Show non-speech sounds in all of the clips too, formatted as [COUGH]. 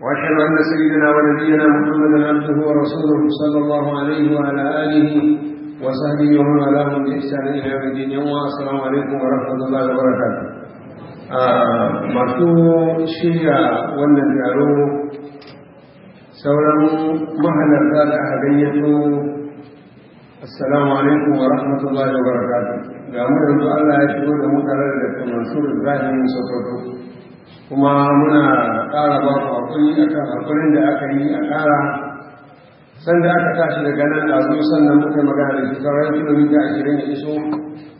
واشهد ان سيدنا ونبينا محمدا عبده ورسوله صلى الله عليه وعلى اله وصحبه ومن والاهم باحسان الى يوم الدين يوم السلام عليكم ورحمه الله وبركاته masu shirya wannan taro sauran mahalarta da aka gayyato assalamu alaikum wa rahmatullahi wa barakatuh ga mu yanzu Allah ya shigo da mu da Dr. Mansur Ibrahim Sokoto kuma muna ƙara ba ku hakuri a kan hakurin da aka yi a ƙara sanda aka tashi daga nan a zo sannan muka magana da shi sauran kilomita ashirin da iso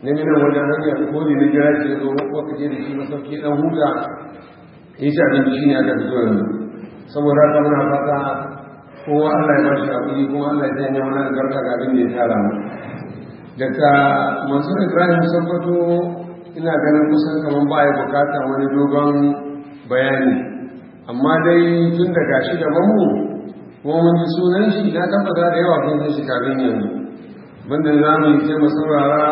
na gina wajen hanyar kodi da na jira ke zo ko kaje da shi masauki ɗan huta ya ci abinci shi ne aka fito yanzu saboda haka muna fata kowa Allah ya ba shi hakuri kuma Allah ya sanya wani albarka ga abin da ya tara mu daga mansur ibrahim sabbato ina ganin kusan kamar ba ya bukata wani dogon bayani amma dai tun da gashi da mu ko mun sunan shi na tabbata da yawa kun shi kafin yanzu banda za mu yi mu saurara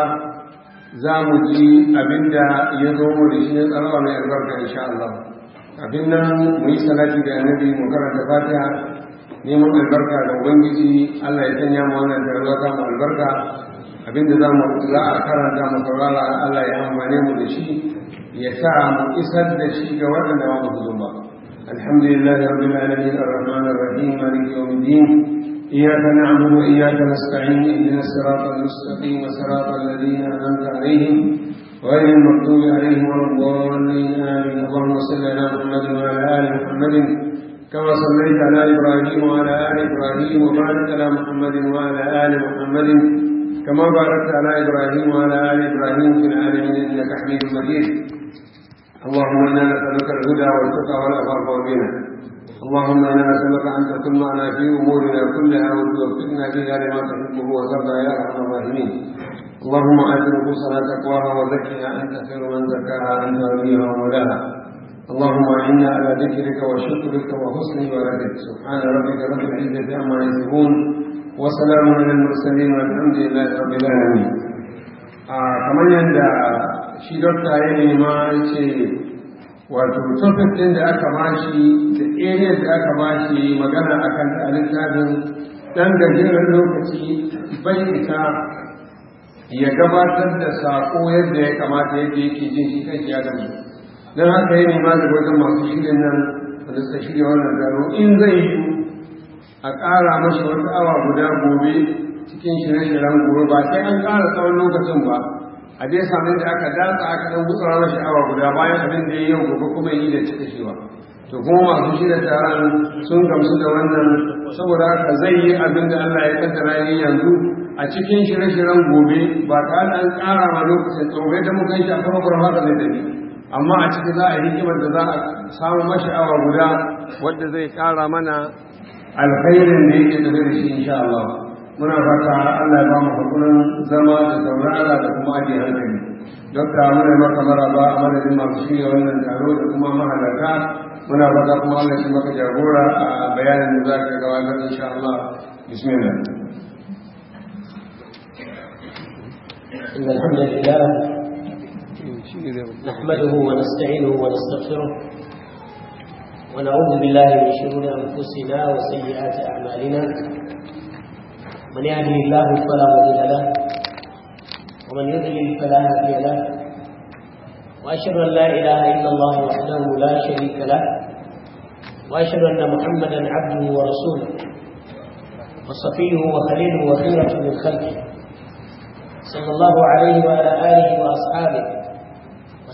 za mu ji abinda ya zo mu da shi ne tsarawa mai albarka insha Allah abin nan mu yi salati da annabi mu karanta fatiha neman albarka da ubangiji Allah ya sanya mu wannan tarwa za mu albarka abinda za mu za a karanta mu saurara Allah ya amfane mu da shi يتعم إسد الشيك وعلى ما الحمد لله رب العالمين الرحمن الرحيم مالك يوم الدين إياك نعبد وإياك نستعين اهدنا الصراط المستقيم صراط الذين أنعمت عليهم غير المكتوب عليهم ولا الضالين آمين اللهم صل على محمد وعلى آل محمد كما صليت على إبراهيم وعلى آل إبراهيم وبارك على محمد, وعلى آل محمد. كما باركت على إبراهيم وعلى آل إبراهيم في العالمين إنك حميد مجيد اللهم إنا نسألك الهدى والتقى والاخلاق والغنى اللهم إنا نسألك أن معنا في أمورنا كلها وتوفقنا فيها لما تحبه وترضى يا أرحم الراحمين اللهم آت نفوسنا تقواها وزكها أنت خير من زكاها أنت وليها ومولاها اللهم إنا على ذكرك وشكرك وحسن عبادتك سبحان ربك رب العزة عما يصفون وسلام على المرسلين والحمد لله رب العالمين kamar yadda shi dokta ya nema ce wato topic ɗin da aka bashi da area da aka bashi magana akan ta a littafin dan gajeren lokaci bai isa ya gabatar da sako yadda ya kamata yadda yake jin shi kan shi ya gabata don haka yi nema da wajen masu shirin nan da suka shirya wannan gano in zai yi a ƙara masa wata awa guda gobe cikin shirye-shiryen gobe ba sai an ƙara tsawon lokacin ba a dai samu da aka datsa aka ɗan gutsara masa awa guda bayan abin da yau gobe kuma yi da cika ba. to kuma masu shirya taron sun gamsu da wannan saboda haka zai yi abin da Allah ya kaddara yi yanzu a cikin shirye-shiryen gobe ba tare an ƙara ma lokacin tsoron da muka yi shi a farkon da zai tafi amma a cikin za a yi hikimar da za a samu mashi'awa guda wadda zai kara mana alkhairin da yake da zai shi insha Allah muna fata Allah ya ba mu hakurin zama da saurara da kuma ajiye hankali don ka muna maka maraba a madadin masu shi wannan taro da kuma mahalarta muna fata kuma Allah ya maka jagora a bayanin da za ka gabatar insha Allah bismillah الحمد لله نحمده ونستعينه ونستغفره ونعوذ بالله من شرور أنفسنا وسيئات أعمالنا من يهده الله فلا مضل له ومن يضلل فلا هادي له وأشهد أن لا إله إلا الله وحده لا شريك له وأشهد أن محمدا عبده ورسوله وصفيه وخليله وخيرة من خلقه صلى الله عليه وعلى آله وأصحابه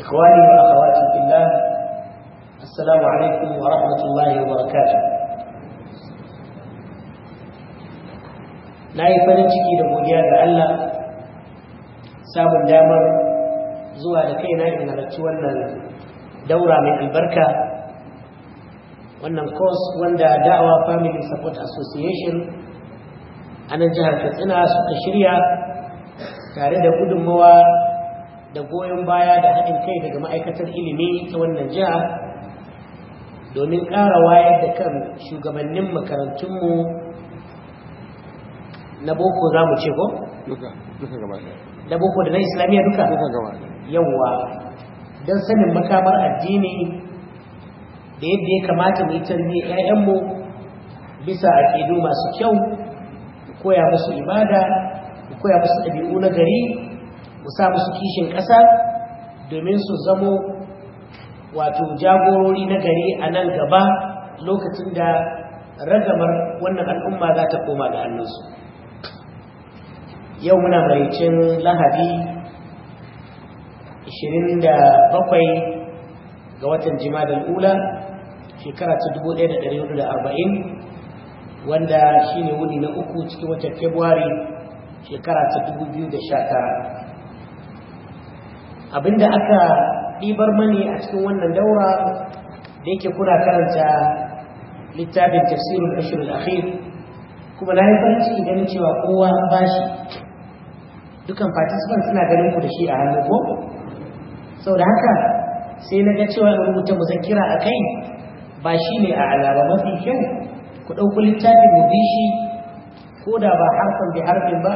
إخواني وأخواتي في الله السلام عليكم ورحمة الله وبركاته لا يفرجك إلى مليان ألا سام دامر زوى لكينا إن رتونا دورة من البركة wannan course wanda da'awa family support association a nan jihar katsina suka shirya tare da gudunmawa da goyon baya da haɗin kai daga ma'aikatar ilimi ta wannan jiha domin ƙara wayar da kan shugabannin makarantunmu na boko za mu ce ko? da boko da na islamiyya duka? yawwa don sanin makamar addini da yadda ya kamata mu yi tarbiyyar 'ya'yanmu bisa aƙidu masu kyau koya musu ibada koya musu ɗabi'u na gari mu sa musu kishin ƙasa domin su zamo wato jagorori na gari a nan gaba lokacin da ragamar wannan al'umma za ta koma ga hannunsu yau muna maricin lahadi 27 ga watan jimadar ula shekara ta 1440 wanda shine wuni na uku cikin watan februari shekara ta 2019 abinda aka ɗibar mani a cikin wannan daura da yake kuna karanta littafin tafsirin ashirin akhir kuma na yi farci idan ganin cewa kowa bashi dukan participants suna ganin ku da shi a hannu ko da haka sai na ga cewa rubuta muzakira a kai ba shi ne a alaba mafi kyau ku ɗauki littafin mu bi shi ko da ba harfin bi harfin ba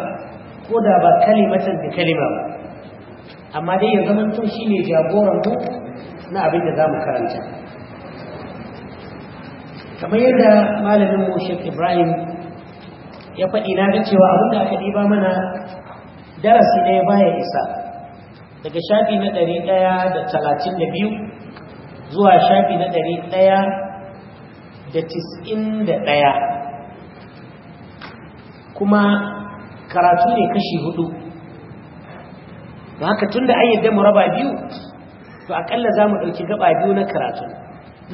ko da ba kalimatan bi kalima ba amma dai ya zama tun shi ne jagoran mu na abin da za mu karanta kamar yadda malamin moshe ibrahim ya faɗi na ga cewa abin da aka diba mana darasi ɗaya baya isa daga shafi na ɗari ɗaya da talatin da biyu zuwa shafi na ɗari ɗaya da tis'in da ɗaya kuma karatu ne kashi hudu Ba haka tun da an ayyadda mu raba biyu to akalla za mu ɗauki gaba biyu na karatu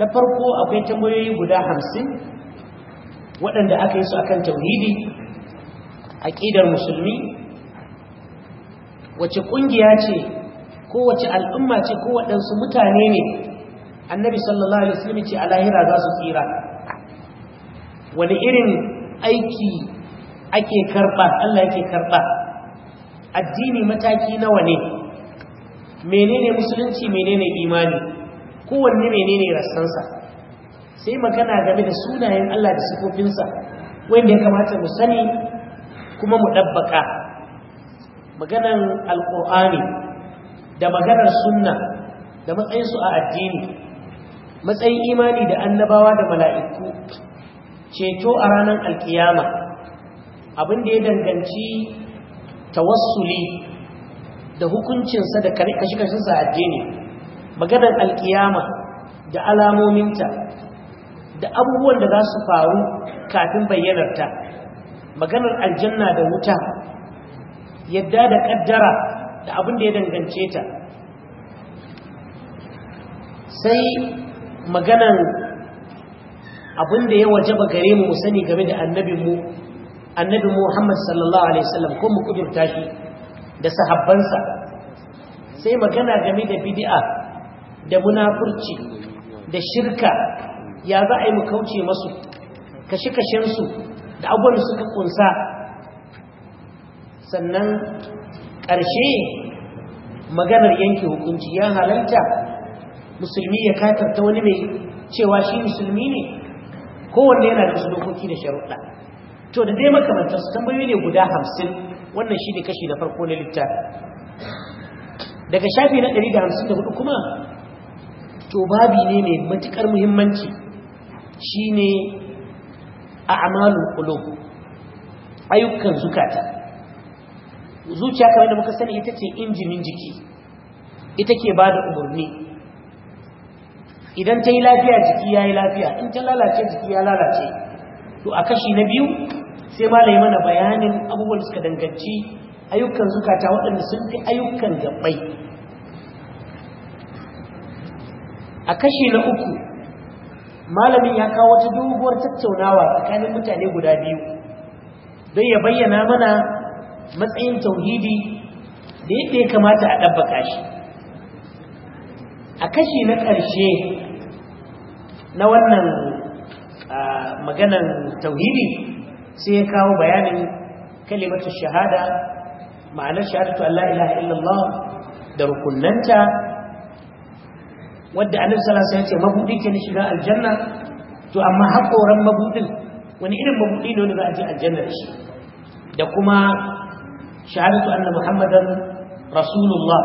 na farko akwai tambayoyi guda hamsin waɗanda aka yi su a akan tauhidi aƙidar musulmi wace ƙungiya ce ko wace al'umma ce ko waɗansu mutane ne annabi sallallahu alaihi wasallam ce a lahira za su tsira wani irin aiki ake karɓa Allah yake karɓa addini mataki nawa ne menene musulunci menene imani kowanne menene rassansa sai magana game da sunayen Allah da sifofinsa wanda ya kamata mu sani kuma mu dabbaka maganan alqur'ani da maganar sunna da matsayinsu a addini matsayin imani da annabawa da mala'iku ceto a ranar alkiyama abin da ya danganci tawassuli da hukuncinsa da kashe-kashensa a addini maganar alkiyama da alamominta da abubuwan da za su faru kafin bayyanarta maganar aljanna da wuta yadda da kaddara da abin da ya dangance ta sai maganar abin da ya wajaba gare mu sani game da annabinmu annabi Muhammad sallallahu alaihi wasallam ko mu kudurta shi da sahabbansa sai magana game da bid'a da munafurci da shirka ya za a yi mu kauce masu kashe-kashen su da abubuwan suka kunsa sannan ƙarshe maganar yanke hukunci ya halarta musulmi ya katarta wani mai cewa shi musulmi ne kowanne yana da su dokoki da sharuɗa to da dai makamantar su tambayoyi ne guda hamsin wannan shi ne kashi na farko na littafi daga shafi na ɗari da hamsin da hudu kuma to babi ne mai matukar muhimmanci shi ne a kulo ayyukan zukata zuciya kamar da muka sani ita ce injinin jiki ita ke ba da umarni idan ta yi lafiya jiki ya yi lafiya in ta lalace jiki ya lalace to a kashi na biyu sai malai mana bayanin abubuwan da suka danganci ayyukan zukata waɗanda sun fi ayyukan gabbai a kashi na uku malamin ya kawo wata doguwar tattaunawa tsakanin mutane guda biyu don ya bayyana mana matsayin tauhidi da yadda ya kamata a ɗabbaka shi a kashi na ƙarshe na wannan ah, maganan tauhidi sai ya kawo bayanin kalimatar shahada ma'anar shahadatu Allah ilaha illallah da rukunanta. wadda annabi sallallahu alaihi wasallam ya ce mabudin ke na shiga aljanna to amma hakoran mabudin wani irin mabudi ne za a je aljanna da shi da kuma shahadatu anna muhammadan rasulullah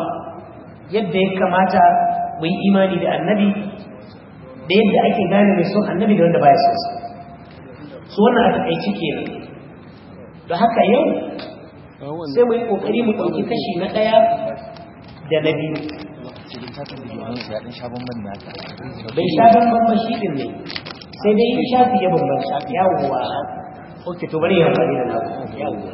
yadda ya kamata mu yi imani da annabi da yadda ake gane mai son annabi da wanda baya son sa su wannan a takaici kenan da haka yau sai mai kokari mu ɗauki kashi na ɗaya da na biyu bai sha bambam mashi din ne sai dai shafi ya bambam fiye wa ok to bari ya bari da na yawowa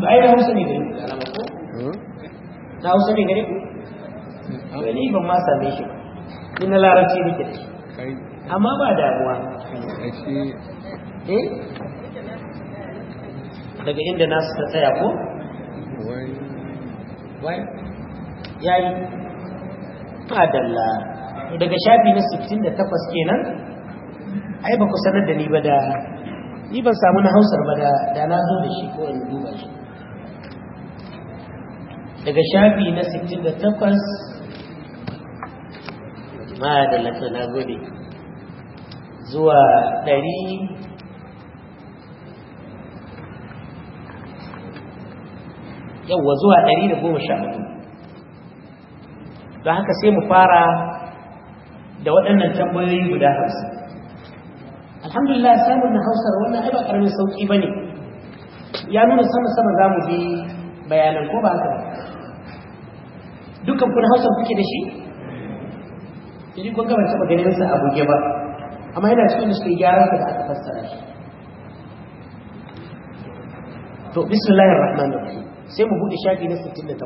ba ai da hausa ne gari ko na hausa ne gari ku ni ban ma same shi ba ni na ne ke da shi amma ba damuwa eh daga inda nasu ta tsaya ko wai yayi adalla daga shafi na 68 kenan ai ba ku sanar da ni ba da ni ban samu na hausar ba da na zo da shi ko in duba shi daga shafi na 68 ma da lafiya na gode zuwa ɗari yauwa zuwa ɗari da goma sha hudu don haka sai mu fara da waɗannan tambayoyi guda hausa. alhamdulillah samun na hausar wannan ai ba sauƙi ba ne ya nuna sama sama za mu bi bayanan ko ba haka ba dukkan kuna hausar kuke da shi? Jadi kun gaba taɓa ganin sa a ba, amma yana cikin suke gyaran da aka fassara shi to bismillahir rahmanir rahim sai mu bude shafi na 68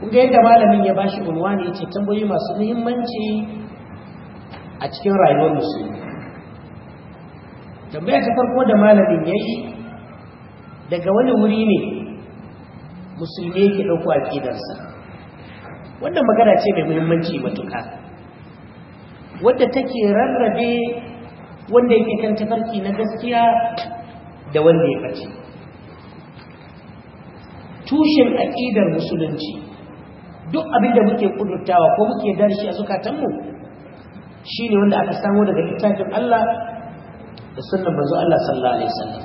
kun ga yadda malamin ya bashi unwani yace tambayoyi masu muhimmanci a cikin rayuwar musulmi tambaya ta farko da malamin yayi daga wani wuri ne musulmi yake dauko aqidarsa wannan magana ce mai muhimmanci matuƙa wadda take rarrabe wanda yake kan tafarki na gaskiya da wanda ya ɓace tushen aƙidar musulunci duk abin da muke kudurtawa ko muke darshi a zukatanmu shi ne wanda aka samu daga littafin Allah da sunan manzo Allah sallallahu alaihi wasallam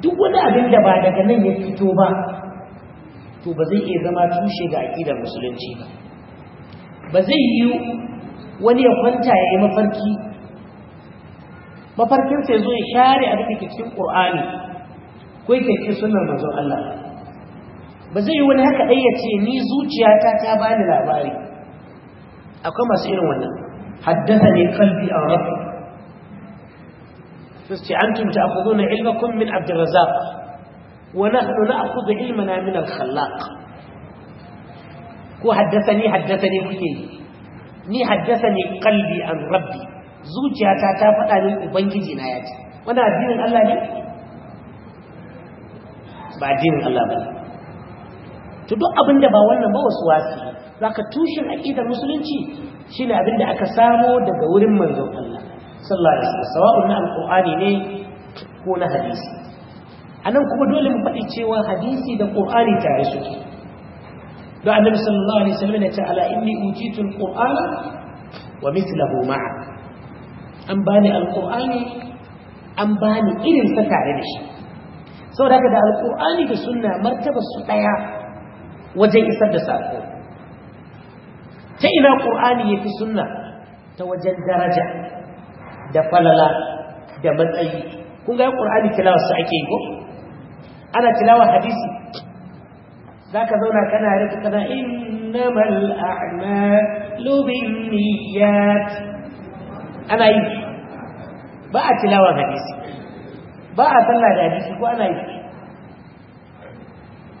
duk wani abin da ba daga nan ya fito ba to ba zai iya zama tushe ga aƙidar musulunci ba ba zai yi wani ya kwanta ya yi mafarki mafarkinsa ya zo ya share a da cikin ƙur'ani ko yake cikin sunan manzon Allah ba zai yi wani haka ɗaya ya ce ni zuciyata ta bani labari akwai masu irin wannan haddasa ne kalbi a rafi fiske an tumta a kudu na ilmakon min abdurrazak wa nahnu na akudu ilmana min al-khallaq ko haddasa ne haddasa ne kuke yi ni haddasa ne kalbi an rabbi zuciyata ta faɗa min ubangiji na ya ce wani addinin Allah ne ba addinin Allah ba to duk abinda ba wannan ba wasu wasu zaka ka tushen aƙidar musulunci shi ne aka samo daga wurin manzon Allah sallallahu alaihi wasallam sawa'un na alqur'ani ne ko na hadisi anan kuma dole mu fadi cewa hadisi da ƙur'ani tare suke don annabi sallallahu alaihi wasallam ya ce ala inni utitu alqur'ana wa mithluhu ma'a an bani alqur'ani an bani irin sa tare da shi saboda haka da alqur'ani da sunna martaba su daya wajen isar da sako ta ina qur'ani yafi sunna ta wajen daraja da falala da matsayi kun ga qur'ani tilawa su ake yi ko ana tilawa hadisi za ka zauna kana rika kana innamal a'malu binniyat ana yi ba a tilawa ga hadisi ba a sallah da hadisi ko ana yi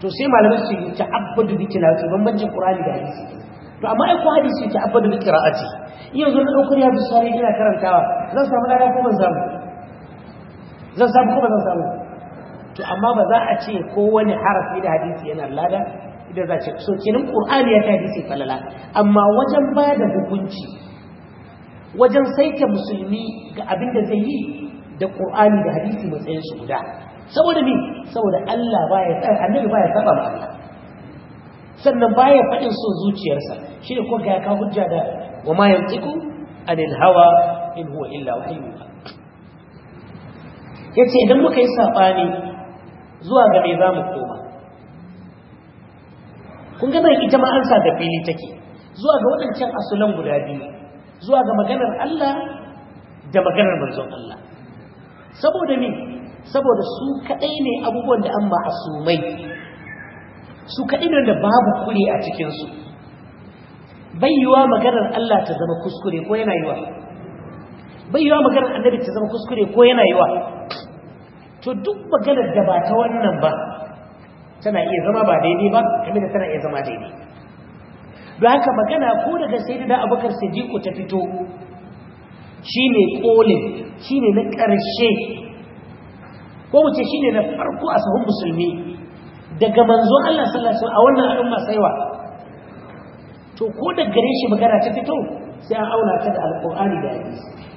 to sai malamin su yi ta'abbadu bi tilawati bambancin qur'ani da hadisi to amma ai ko hadisi ta'abbadu bi qira'ati yanzu na ɗaukar ya bisari ina karantawa zan samu dada ko ban samu zan samu ko ban samu to amma ba za a ce kowane harafi da hadisi yana lada idan za a ce so kenan qur'ani ya ta hadisi falala amma wajen ba da hukunci wajen saita musulmi ga abin da zai yi da qur'ani da hadisi matsayin su guda saboda me saboda Allah baya tsaya annabi baya saba ma Allah sannan baya faɗin son zuciyarsa shi ne ga ya hujja da wa ma yantiku anil hawa in huwa illa wahyu yace idan muka yi sabani zuwa ga mai zamu koma kun ga mai ita ma ansa da fili take zuwa ga waɗancan asulan guda biyu zuwa ga maganar Allah da maganar manzon Allah saboda ni saboda su kaɗai ne abubuwan da an ba asumai su kaɗai ne da babu kure a cikinsu bayyuwa maganar Allah ta zama kuskure ko yana yiwa bayyuwa maganar annabi ta zama kuskure ko yana yiwa to duk maganar da ba ta wannan ba tana iya zama ba daidai ba kamar da tana iya zama daidai don haka magana ko daga sai da abokar sadiku ta fito shi ne shine shi ne na ƙarshe ko wuce shine na farko a sahun musulmi daga manzo Allah sallallahu a wannan al'umma saiwa to ko da gare shi magana ta fito sai an auna ta da alqur'ani da hadisi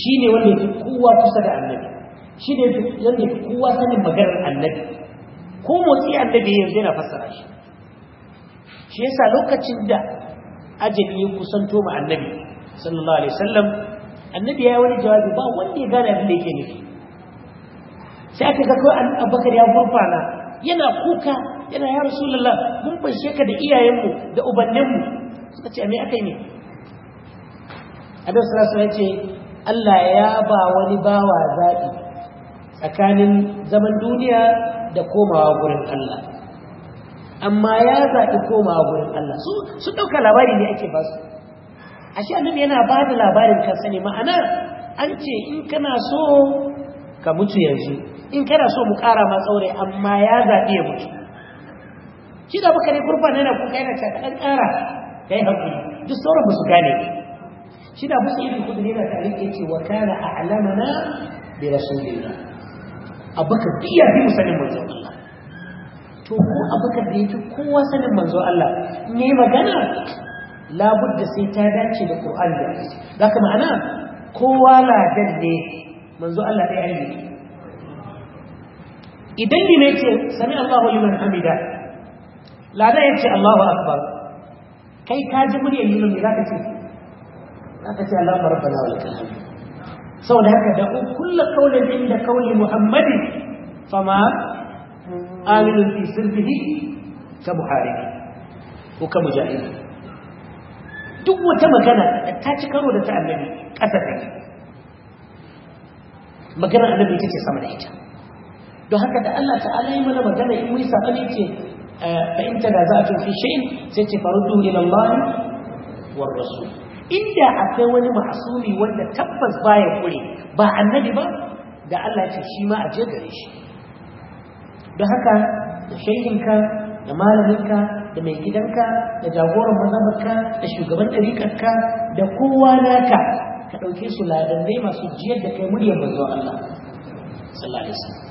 shi ne wanda yake kowa kusa da annabi shi ne wanda kowa sanin maganar annabi ko motsi annabi yanzu yana fassara shi shi yasa lokacin da ajali ya kusanto ma annabi sallallahu alaihi wasallam annabi ya yi wani jawabi ba wanda ya gane abin da yake nufi sai aka ga kawai abubakar ya fafana yana kuka yana ya rasulullah mun bashe ka da iyayenmu da ubanninmu suka ce me aka yi ne abin sallallahu alaihi ya ce Allah ya ba wani bawa zaɓi tsakanin zaman duniya da komawa gurin Allah amma ya zaɓi komawa gurin Allah su ɗauka labari ne ake ba su shi annabi yana ba da labarin kansa ne ma'ana an ce in kana so ka mutu yanzu in kana so mu ƙara ma tsaure amma ya zaɓi ya mutu shi da baka ne kurfa na kuka yana ta ɗan ƙara ka yi haƙuri duk sauran musu gane ne shi da musu ibn kudin yana tarihi yake wa kana a'lamana bi rasulillah abubakar duk ya fi mu sanin manzo Allah to ko abubakar da yake kowa sanin manzo Allah ne magana labudda sai ta dace da Qur'ani da hadisi zaka ma'ana kowa ladan ne manzo Allah dai ayi idan ne ce sami Allahu liman hamida ladan yace Allahu akbar kai ka ji muryar liman ne zaka ce haka ce Allah rabbana wa lakal hamd saboda haka da kullu qawlin inda qawli muhammadin fama amilun fi sirrihi ka buhari ko ka mujahid duk wata magana ta ci karo da ta annabi kasa take magana annabi ita ce sama da ita don haka da Allah ta'ala yi mana magana in mun saka ne ce eh, fa in tanaza'tum fi shay'in sai ce faru ila Allah war rasul inda akwai wani masumi wanda tabbas baya kure ba annabi ba da Allah ce shi ma a je gare shi don haka da shayinka da malaminka da mai gidanka da jagoran mazabarka da shugaban ka da kowa naka ka ɗauke su ladannai masu jiyar da kai muryar manzon Allah sallallahu alaihi wasallam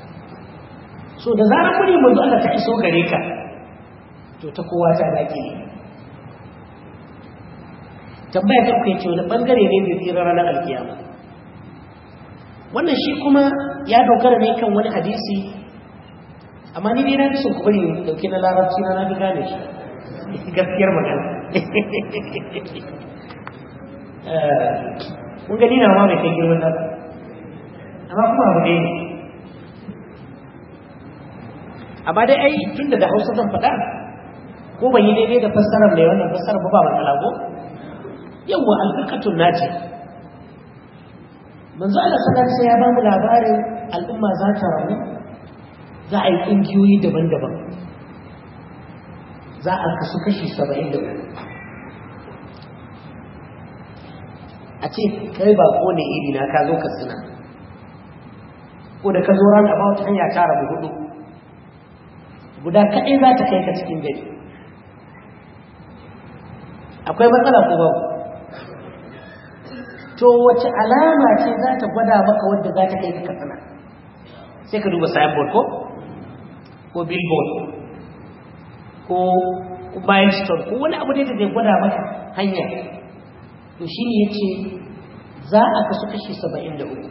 so da zarar muryar manzon Allah ta iso gare ka to ta kowa ta dake ne tambaya ta kai ce wani bangare ne mai tsira ranar alkiyama wannan shi kuma ya dogara ne kan wani hadisi amma ni dai na fi sun kubari dauke na larabci na na fi gane shi gaskiyar magana eh, kun gani na ma mai kai girman nan amma kuma abu ne amma dai ai tun da hausa zan faɗa ko ban yi daidai da fassarar mai wannan fassarar ba ba matsala ko yawa alfirkatun naji manzo Allah sallallahu alaihi ya ba mu labarin al'umma za ta rawu za a yi ƙungiyoyi daban-daban za a kasu kashi saba'in da a ce kai ba ko ne iri na ka zo ka suna ko da ka zo ran ba wata hanya ta rabu hudu guda kaɗai za ta kai ka cikin gari akwai matsala ko babu to wace alama ce za ta gwada maka wadda za ta kai ka katsina sai ka duba signboard ko ko billboard ko milestone ko wani abu ne da zai gwada maka hanya to shi ne ya ce za a kasu kashi saba'in da uku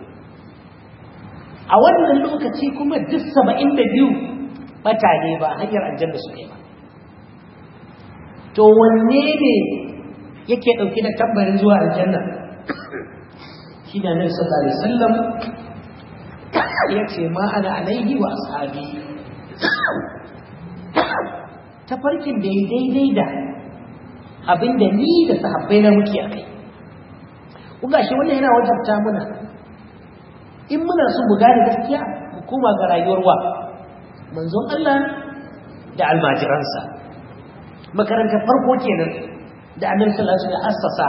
a wannan lokaci kuma duk saba'in da biyu mutane ba hanyar aljanna su ne ba to wanne ne yake ɗauki da tabbarin zuwa aljanna shi ne annabi sallallahu alaihi wasallam ya ce ma ana alaihi wa ashabi farkin da ya daidai da abinda ni da sahabbai na muke a kai ga shi wannan yana wajabta muna in muna so mu gane gaskiya mu koma ga rayuwar wa manzon Allah da almajiransa makaranta farko kenan da annabi sallallahu alaihi wasallam assasa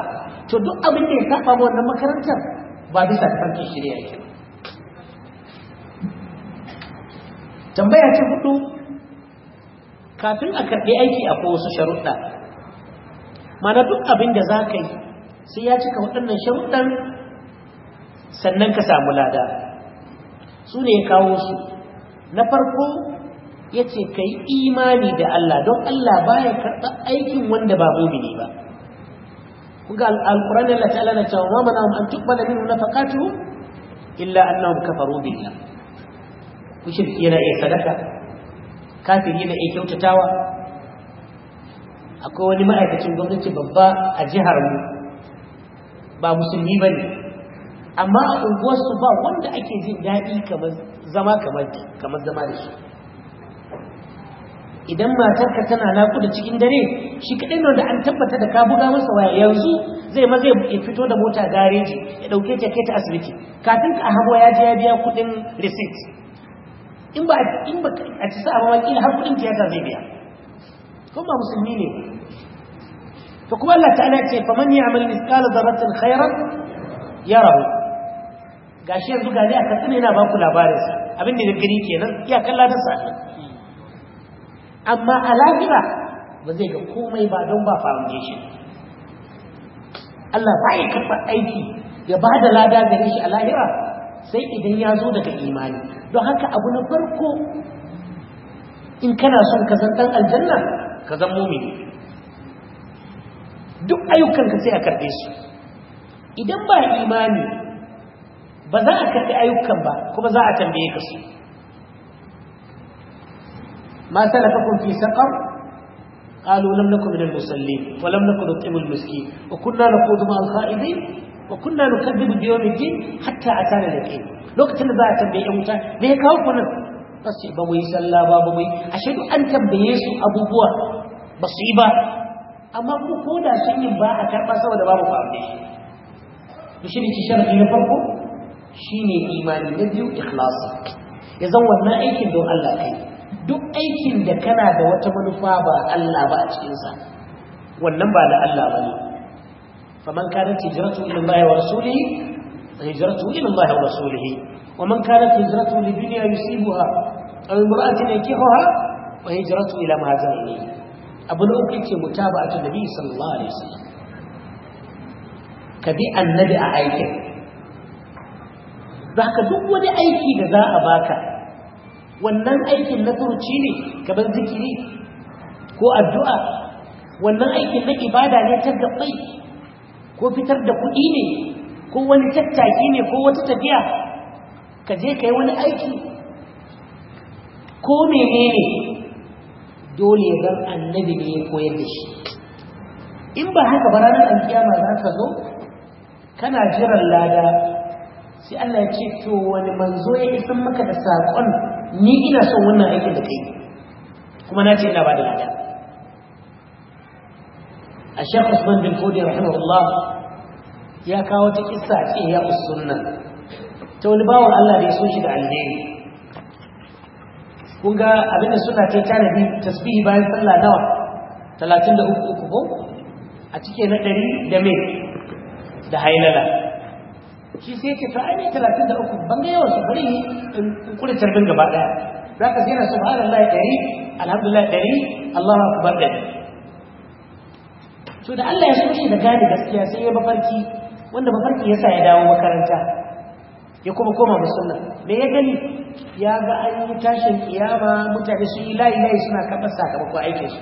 to duk abin da ya saba wannan makarantar ba bisa farkin shirya yake ba tambaya ta hudu kafin a karɓi aiki ko wasu sharuɗa mana duk abin da za ka yi sai ya cika waɗannan sharuɗan sannan ka samu lada su ne ya kawo su na farko ya ce ka yi imani da Allah don Allah baya karɓa aikin wanda ba mumini ba kuga alquran Allah ta'ala na cewa wa manahum an tuqbala minhum nafaqatuhum illa annahum kafaru billah mushriki yana iya sadaka kafiri yana iya kyautatawa akwai wani ma'aikacin gwamnati babba a jihar mu ba musulmi ne. amma a unguwarsu ba wanda ake jin daɗi kamar zama kamar zama da shi idan matarka tana nakuda cikin dare shi kaɗai ne da an tabbata da ka buga masa waya yanzu zai ma zai fito da mota gareji ya ɗauke ta kai ta asibiti kafin ka hago ya je ya biya kuɗin receipt in ba a ci sa'a ba kila har kuɗin tiyata zai biya kuma ba musulmi ne to kuma Allah ta'ala ce faman ya'mal mithqala dharratin khairan yarahu gashi yanzu ga ne a katsina yana ba ku labarin sa abin da gani kenan kalla da sa amma a lahira ba zai ga komai ba don ba foundation Allah ba ya aiki ya ba da lada gare shi a lahira sai idan ya zo daga imani don haka abu na farko in kana son ka san ɗan aljanna ka zan mumini duk ayyukanka sai a karɓe su idan ba imani ba za a karɓi ayyukan ba kuma za a tambaye ka su ما سلككم في سقر قالوا لم نكن من المصلين ولم نكن نطعم المسكين وكنا نخوض مع الخائضين وكنا نكذب بيوم الدين حتى أتانا اليقين لوقت اللي بقى تنبيه أموتا ليه كوكنا بس يبوي سلا بابوي أشهد أن تنبيه سوء أبوبوا بصيبة أما كودا سنين باع كربا سوى دبابو فعبدي بشري تشارك لنفرقه شيني إيماني نبيو إخلاصك يزور ما أيكي دون الله أيكي duk aikin da kana da wata manufa ba Allah ba a cikinsa wannan ba da Allah ba ne faman kanat hijratu ila Allah wa rasulihi fa hijratu ila Allah wa rasulihi wa man kanat hijratu li dunya yusibuha aw imra'atin yankihuha fa hijratu ila ma hajara ilayhi abu da uku yake mutaba'atu nabi sallallahu alaihi wasallam ka bi annabi a aikin zaka duk wani aiki da za a baka wannan aikin na furuci ne kamar zikiri ko addu'a wannan aikin na ibada ne ta gabai ko fitar da kuɗi ne ko wani tattaki ne ko wata tafiya ka je ka yi wani aiki ko menene dole zan annabi ne ya koyar da shi in ba haka ba ranar alkiyama za ka zo kana jiran lada sai Allah ya ce to wani manzo ya isan maka da saƙon ni ina son wannan aikin da kai kuma na ce ina ba da lada a shek usman bin kodi rahimahullah ya kawo ta kissa a cikin ya usunna ta wani bawan allah da ya so shi da alheri kun ga abinda suna ta tanadi tasbihi bayan sallah nawa 33 ko a cike na ɗari da mai da hailala shi sai ce to talatin da uku, ban ga yawan su bari in kula tarbin gaba daya ka sai na ya ɗari, alhamdulillah Allah Allahu akbar ɗari. to da Allah ya so shi da gane gaskiya sai ya mafarki wanda mafarki ya sa ya dawo makaranta ya kuma koma musulman me ya gani ya ga an yi tashin kiyama mutane su yi layi layi suna karɓar sakamakon aikin aikinsu.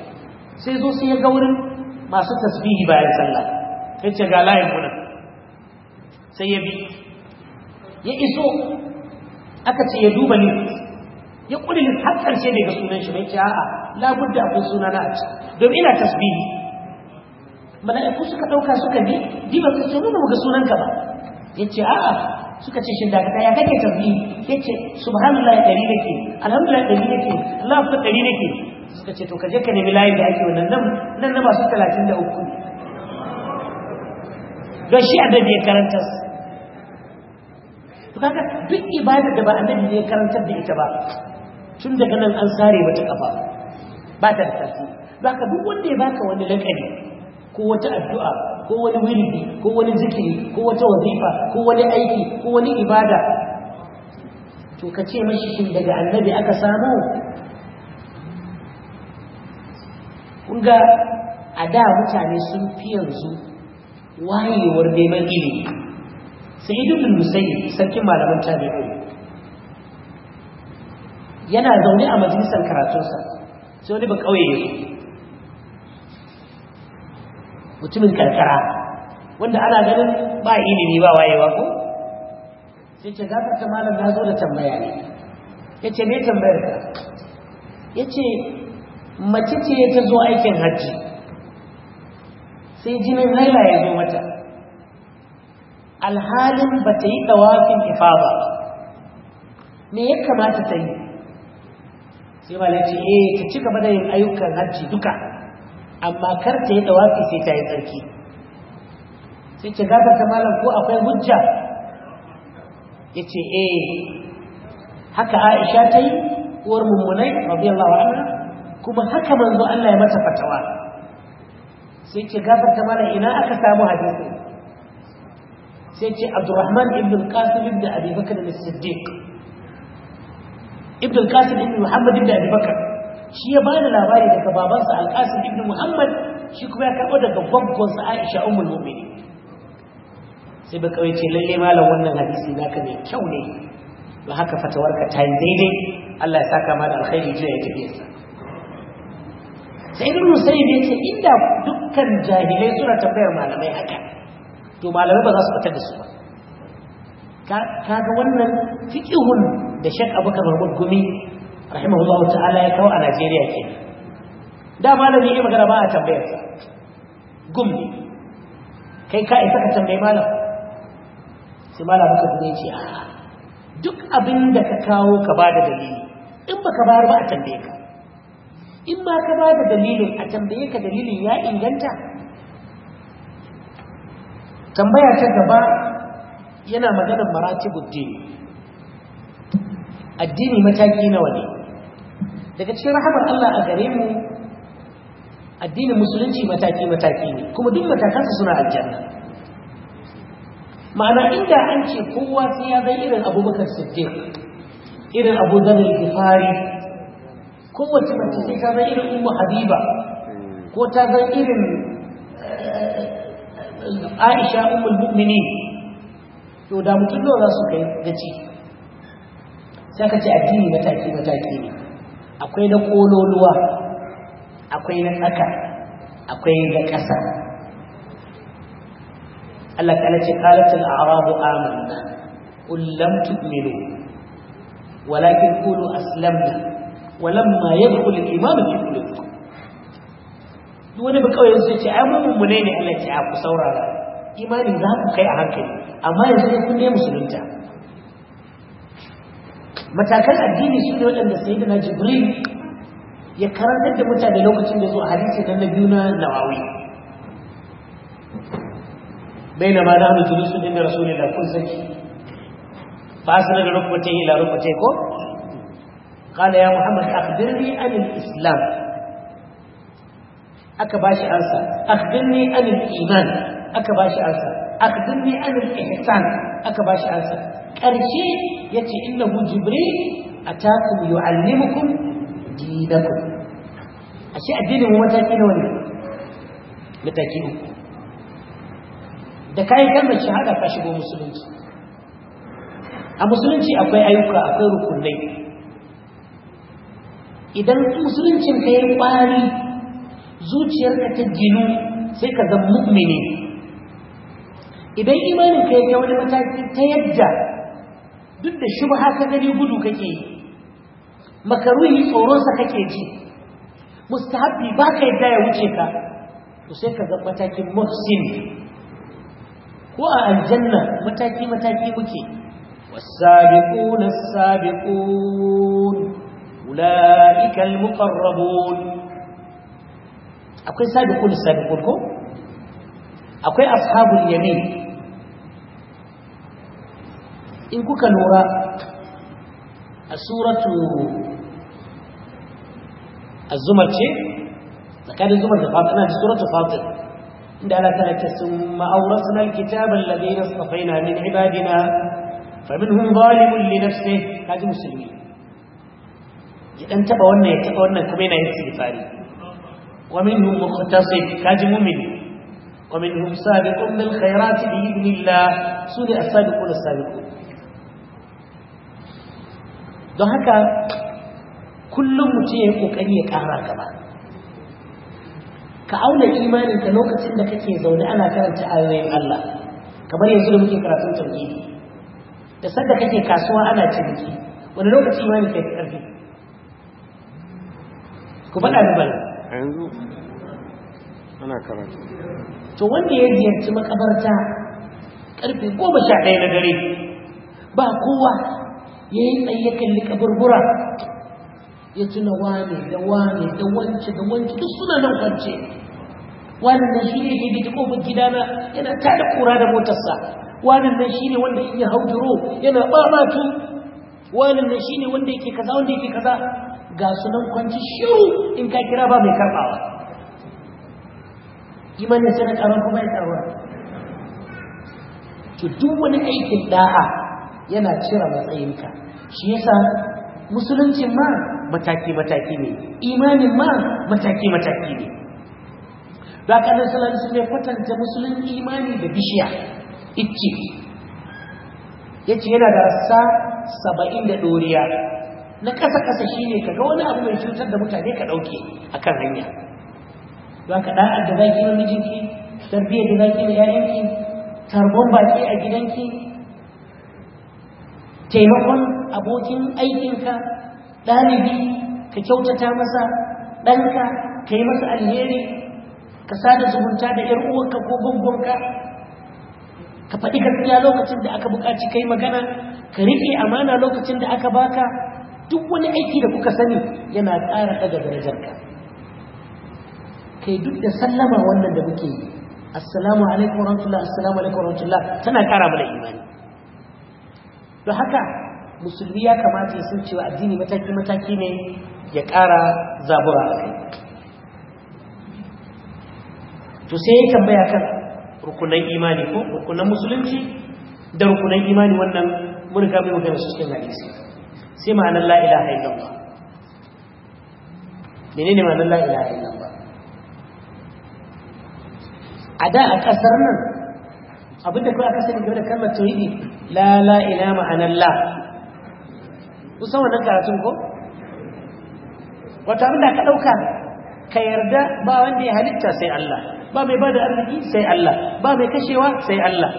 sai zo sai ya ga wurin masu tasbihi bayan sallah sai ce ga layin kuna sai ya bi ya iso aka ce ya duba ne ya ƙuri ne har ƙarshe da ga sunan shi mai ce a'a labudda abin suna na a ci domin ina tasbihi mala'iku suka ɗauka suka bi diba sai ce nuna ga ka ba ya ce a'a suka ce shin ka ya kake tasbihi ya ce subhanallah ya ɗari nake alhamdulillah ɗari nake allah ku ɗari nake suka ce to ka je ka nemi layin da ake wannan nan na masu talatin da uku don shi annabi ya karantar to kaga duk ibadar da ba annabi ne ya karantar da ita ba tun daga nan an sare wata kafa ba ta da tafi. Ba ka duk wanda ya baka wani lakabi ko wata addu'a ko wani wirdi ko wani zikiri ko wata wazifa ko wani aiki ko wani ibada to ka ce mashi shin daga annabi aka samu Kunga a da mutane sun fi yanzu wayewar neman ilimi sa'idu bin musayyib sarkin malaman tabi'u yana zaune a majalisar karatunsa sai wani ba kauye ne mutumin karkara wanda ana ganin ba ilimi ba wayewa ko sai ce gafar ta malam na zo da tambaya ne ya ce me tambayar ka ya ce mace ce ta zo aikin hajji sai jinin haila ya zo mata alhalin ba ta yi ɗawafin ifa ba me ya kamata ta yi sai ba ce e, eh, ta ci gaba da yin ayyukan hajji duka amma kar ta yi ɗawafi sai ta yi tsarki sai ce gafar ta malam ko akwai hujja ya ce e, haka aisha ta yi uwar mummunai radiyallahu anha kuma haka manzo Allah ya mata fatawa sai ce gafarta mana ina aka samu hadisi sai ce abdurrahman ibn al-qasim ibn abi bakr as-siddiq ibn qasim ibn muhammad ibn abi bakr shi ya bada labari daga babansa al-qasim ibn muhammad shi kuma ya karbo daga gwaggonsa aisha ummul mu'minin sai ba kawai ce lalle malam wannan hadisi naka mai kyau ne don haka fatawarka ta yi daidai Allah ya saka mana alkhairi jiya ya tafi tafiyarsa sai ibn musayyib ya ce inda dukkan jahilai suna tambayar malamai haka to malamai ba za su fitar da su ba kaga wannan fiƙihun da Sheikh Abubakar Mahmud Gumi rahimahullahu ta'ala ya kawo a Najeriya ke da malami ya magana ba a tambayar sa gumbi kai ka isa ka tambayi malam sai malam ka gumi ce duk abin da ka kawo ka ba da dalili in baka bayar ba a tambaye ka in ma ka ba da dalilin a tambaye ka dalilin ya inganta tambaya ta gaba yana maganar maratibud dini addini mataki nawa ne daga cikin rahamar Allah a gare mu addinin musulunci mataki mataki ne kuma duk matakansa suna aljanna ma'ana inda an ce kowa sai ya zai irin abubakar siddiq irin abu zarar gifari ko wacce mace sai ta zan irin umu habiba ko ta zan irin eh, aisha ummul mu'minin to da mutum nawa za su kai gaci sai ka ce addini mataki mataki ne akwai na kololuwa akwai na tsaka akwai na ƙasa Allah ta ce qalatul a'rabu amanna qul lam tu'minu walakin qulu aslamna walamma yadkhul al-iman fi qulubikum duk wani bakawai zai ce ai mun mun ne Allah ce a ku saurara imani za ku kai a hankali amma yanzu kun ne musulunta matakan addini su ne waɗanda sayyidina jibril ya karanta da mutane lokacin da zuwa hadisi na biyu na nawawi بينما نحن جلوس عند رسول الله كل زكي فاسنا ركبتيه الى ko? قال يا محمد أخبرني عن الإسلام aka ba shi ansa akhbirni anil iman aka ba shi ansa akhbirni anil ihsan aka ba shi ansa karshe yace innahu jibril atakum yuallimukum dinakum addinin da kai kalmar shahada ka shigo musulunci a musulunci akwai ayyuka akwai rukunai idan musuluncin ka yi ƙwari zuciyarka ta jinu sai ka zama mu'mini idan imanin ka yi wani mataki ta yadda duk da shi haka gani gudu kake yi makaruhi tsoronsa kake ji mustahabbi ba ka yadda ya wuce ka to sai ka zama matakin muhsin ko a aljanna mataki-mataki muke wasu na sabiƙun أولئك المقربون سابق سابقون السابقون لكم أقول أصحاب اليمين إن كوكا نورا السورة الزمر شيء كان الزمر فاطمة نعم، أنا في سورة فاطمة عند ألا تلك ثم أورثنا الكتاب الذين اصطفينا من عبادنا فمنهم ظالم لنفسه هذه مسلمين ya dan taba wannan ya taba wannan kuma yana yin istighfari wa minhum muqtasid kaji mu'min wa minhum sabiqun bil khairati bi idnillah sune as-sabiqun as-sabiqun don haka kullum mutum ya yi kokari ya kara gaba ka auna imaninka lokacin da kake zaune ana karanta ayoyin Allah kamar yanzu da muke karatun tauhidi da sanda kake kasuwa ana ciniki wani lokaci imanin kai karfi ku faɗa ni bala yanzu ana karatu to wanda ya ziyarci makabarta ƙarfe goma sha ɗaya na dare ba kowa ya yi tsaye ya kalli kaburbura ya tuna wane da wane da wance da wance duk suna nan kwance wannan nan shi ne ya gaji kofar gidana yana ta da kura da motarsa wannan nan shi ne wanda ya hau duro yana ɓamatu wannan nan shi ne wanda yake kaza wanda yake kaza ga nan kwanci shiru in ka kira ba mai karɓawa imanin sai na karon kuma ya ƙaruwa to duk wani aikin da'a yana cire matsayinka shi yasa musuluncin ma mataki-mataki ne imanin ma mataki-mataki ne da aka da salari su ne kwatanta musulun imani da bishiya ikki ya ce yana da rassa saba'in da ɗoriya na ƙasa ƙasa shine ka ga wani abu mai cutar da mutane ka ɗauke a kan hanya za ka ɗa'ar da zaki na mijinki tarbiyyar da zaki na 'ya'yanki, tarbon baki a gidanki taimakon abokin aikinka ɗalibi ka kyautata masa ɗanka ka yi masa alheri ka sada zumunta da 'yar uwanka ko gungunka ka faɗi gaskiya lokacin da aka buƙaci kai magana ka riƙe amana lokacin da aka baka duk wani aiki da kuka sani yana ƙara ɗaga darajarka kai duk da sallama wannan da muke yi assalamu alaikum warahmatullahi assalamu alaikum warahmatullahi tana ƙara mana imani don haka musulmi ya kamata ya san cewa addini mataki mataki ne ya ƙara zabura a kai to sai ya tambaya kan rukunan imani ko rukunan musulunci da rukunan imani wannan mun ga mai magana su cikin hadisi sai ma'anar la ilaha illallah menene ma'anar La'ila ilaha ba? a da a kasar nan abinda kuma aka sani game da kalmar tauhidi la la ma'anar la kusan wannan karatun ko wata abinda ka dauka ka yarda ba wanda ya halitta sai Allah ba mai bada arziki sai Allah ba mai kashewa sai Allah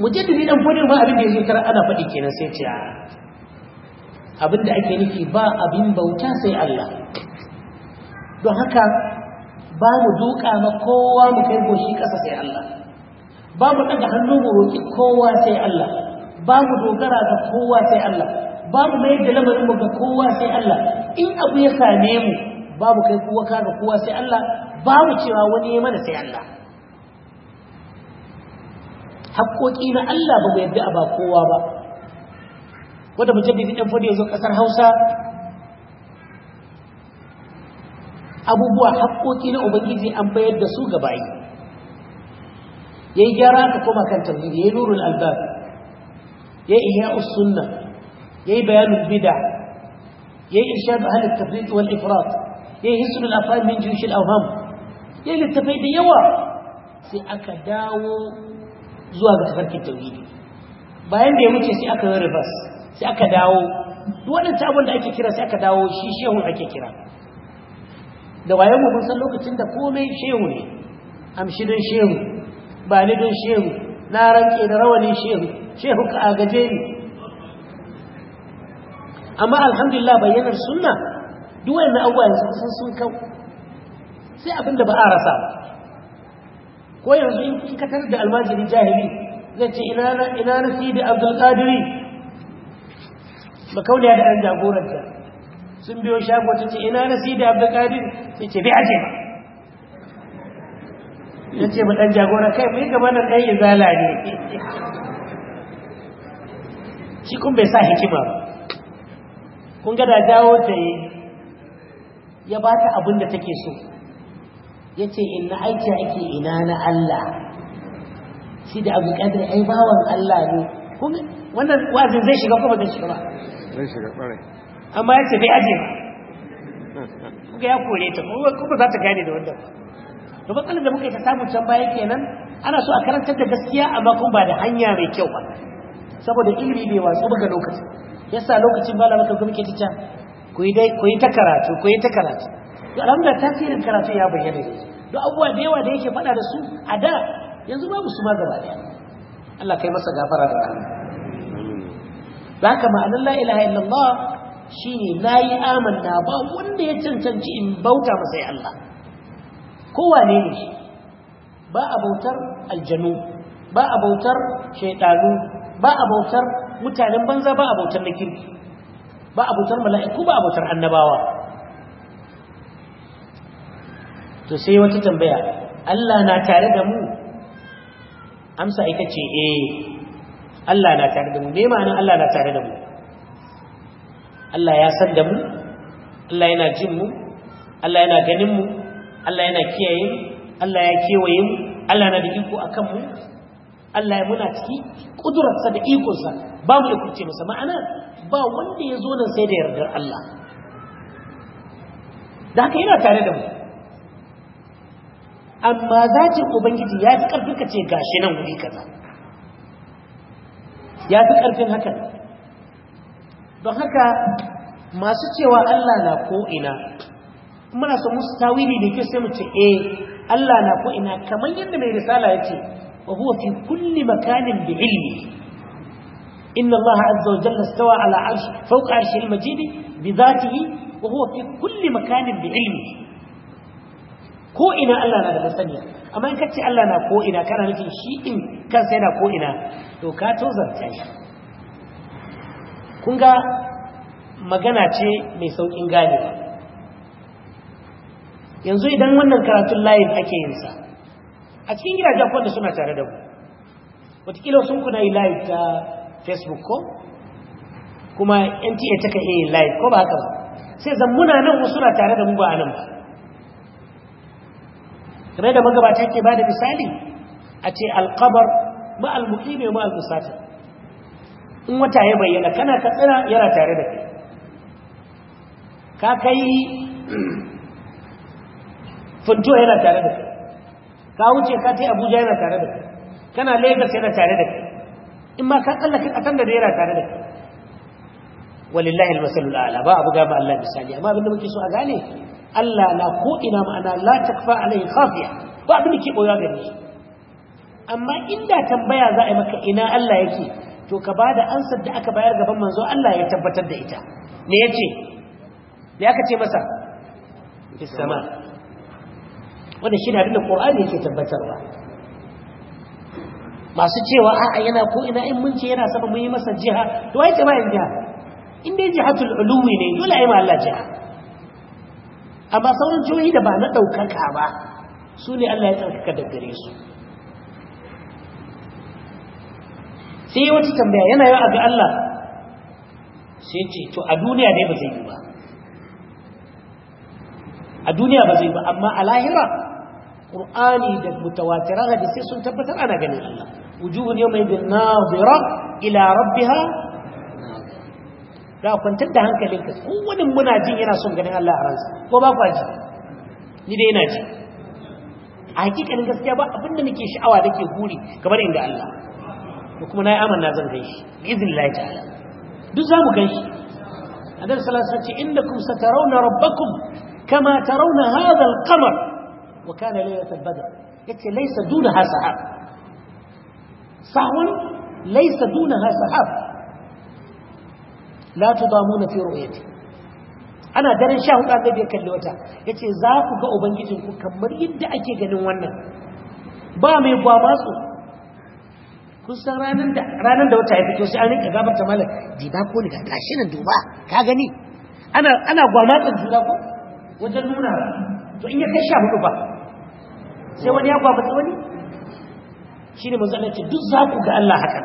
mujaddidi dan fodin ba abin da yake kar ana faɗi kenan sai ce abin da ake nufi ba abin bauta sai Allah don haka ba mu duka ma kowa mu kai goshi ƙasa sai Allah ba mu daga hannu mu roki kowa sai Allah ba mu dogara ga kowa sai Allah ba mu mai da lamarin mu ga kowa sai Allah in abu ya same mu ba mu kai kowa ga kowa sai Allah ba mu cewa wani mana sai Allah haƙoƙi na Allah ba mu yadda a ba kowa ba wanda mujaddidin ɗan fadi yanzu ƙasar Hausa abubuwa haƙoƙi na ubangiji an bayar da su ga bayi yayi gyara aka koma kan tauhidi yayi nurul albab yayi ihya'us sunna yayi bayanul bid'a yayi irshad ahli at-tafriq wal ifrat yayi hisnul afham min juyush al-awham yayi littafai da yawa sai aka dawo zuwa ga tafarkin tauhidi bayan da ya mace sai aka yi reverse sai aka dawo duk wannan tabon da ake kira sai aka dawo shi shehu ake kira da wayan mu san lokacin da komai shehu ne amshi dan shehu ba ni don shehu na ranke da rawani shehu shehu ka agaje ni amma alhamdulillah bayyanar sunna duk wannan abubuwa yanzu san sun kau sai abinda ba a rasa ba ko yanzu in ka tarar da almajiri jahili zai ce ina na fi da abdulkadiri makauniya da an jagoranta sun biyo shago ta ce ina na fi da qadiri sai ce bi aje ba ya ce ba ɗan jagora kai mai gaba nan ɗan izala ne shi kun bai sa hikima ba kun gada dawo ta yi ya ba ta abin da take so ya ce ina aiki ake ina na Allah shi da abu ƙadar ai bawan Allah ne wannan wazin zai shiga kuma zai shiga ba zai shiga ɓarai amma ya ce bai aje ba kuka ya kore ta kuma za ta gane da wannan to matsalar da muka yi ta samun can baya kenan ana so a karantar da gaskiya amma kuma ba da hanya mai kyau ba saboda ilimi bai watsu ba ga lokaci yasa lokacin ba la maka gumi ke ta ku yi ta karatu ku yi ta karatu alhamdulillah tasirin karatu ya bayyana yanzu duk abubuwa da yawa da yake faɗa da su a da yanzu babu su ma gaba daya Allah kai masa gafara da rahama za ka ma'anar la ilaha illallah ne na yi amanta ba wanda ya cancanci in bauta masa ya Allah kowane ne shi ba a bautar aljanu ba a bautar shaidanu ba a bautar mutanen banza ba a bautar na kirki ba a bautar mala'iku ba a bautar annabawa to sai wata tambaya Allah na tare da mu amsa ita ce eh Allah na tare da mu me ma'anar Allah na tare da mu Allah ya san da mu Allah yana jin mu Allah yana ganin mu Allah yana kiyaye mu Allah ya kewaye mu Allah na da iko akan mu Allah ya muna ciki kudurarsa da ikonsa ba mu da kurce masa ma'ana ba wanda ya zo nan sai da yardar Allah da haka yana tare da mu amma za zatin ubangiji ya fi ƙarfin ka ce gashi nan wuri kaza ya fi ƙarfin haka don haka masu cewa Allah na ko'ina muna so musu tawili da kyau sai mu ce eh Allah na ko'ina kamar yadda mai risala ya ce wa huwa fi kulli makanin bi ilmi inna Allah azza wa jalla stawa ala arsh fawqa arshil majid bi dhatihi wa huwa fi kulli makanin bi ilmi ko ina Allah na da masaniya amma in kace Allah na ko ina kana nufin shi din kansa yana ko ina to ka zarta shi kun ga magana ce mai saukin gane yanzu idan wannan karatun layin ake yin sa a cikin gidajen kwanda suna tare da mu wataƙila sun kuna yi live ta facebook ko kuma nta ta ka iya live ko ba haka ba sai zan muna nan suna tare da mu ba a nan ba kamar da magabata ke bada misali a ce alkabar ma almuhimi ma almusafir in wata ya bayyana kana ka tsira yana tare da kai ka kai funto yana tare da kai ka wuce ka tai abuja yana tare da kai kana lagos yana tare da kai in ma ka tsallaka katan da yana tare da kai walillahi almasalul a'la ba abu gaba Allah misali amma abin da muke so a gane Allah na ko ina ma'ana la takfa alai khafiya ba abin da ke boya gare shi amma inda tambaya za a yi maka ina Allah yake to ka ba da ansar da aka bayar gaban manzo Allah ya tabbatar da ita me yace da aka ce masa fi sama wanda shi na da Qur'ani yake tabbatarwa masu cewa a'a yana ko ina in mun ce yana saba mun yi masa jiha to ai ta bayan jiha in dai jihatul ulumi ne dole ai ma Allah jiha amma sauran jihohi da ba na ɗaukaka ba su ne Allah ya tsarkaka da gare su sai wata tambaya yana yawa ga Allah sai ce to a duniya ne ba zai yi ba a duniya ba zai ba amma a lahira ƙur'ani da mutawatirar hadisai sun tabbatar ana ganin Allah wujuhun yau mai bin nazira ila rabbiha da kwantar da hankalinka kowane muna jin yana son ganin Allah a ransa ko ba kwa ji ni dai yana ji a hakikalin gaskiya ba abinda nake sha'awa da ke buri kamar inda Allah to kuma na yi amanna zan gan shi bi'iznillah ta'ala duk za mu gan shi annabi sallallahu alaihi wasallam ce innakum satarawna rabbakum kama tarawna hadha al-qamar wa kana laylatul badr yace laysa dunaha sahab sahwan laysa dunaha sahab la tudamuna fi ru'yati ana daren sha hudu annabi ya kalli wata yace za ku ga ubangijin ku kamar yadda ake ganin wannan ba mai su kun san ranar da ranan da wata ya fito sai an rinka gafarta ji ba ko ni ga gashi nan duba ka gani ana ana gwamatsan juna ko wajen nuna to in ya kai sha hudu ba sai wani ya gwamatsa wani shine manzo Allah ce duk za ku ga Allah haka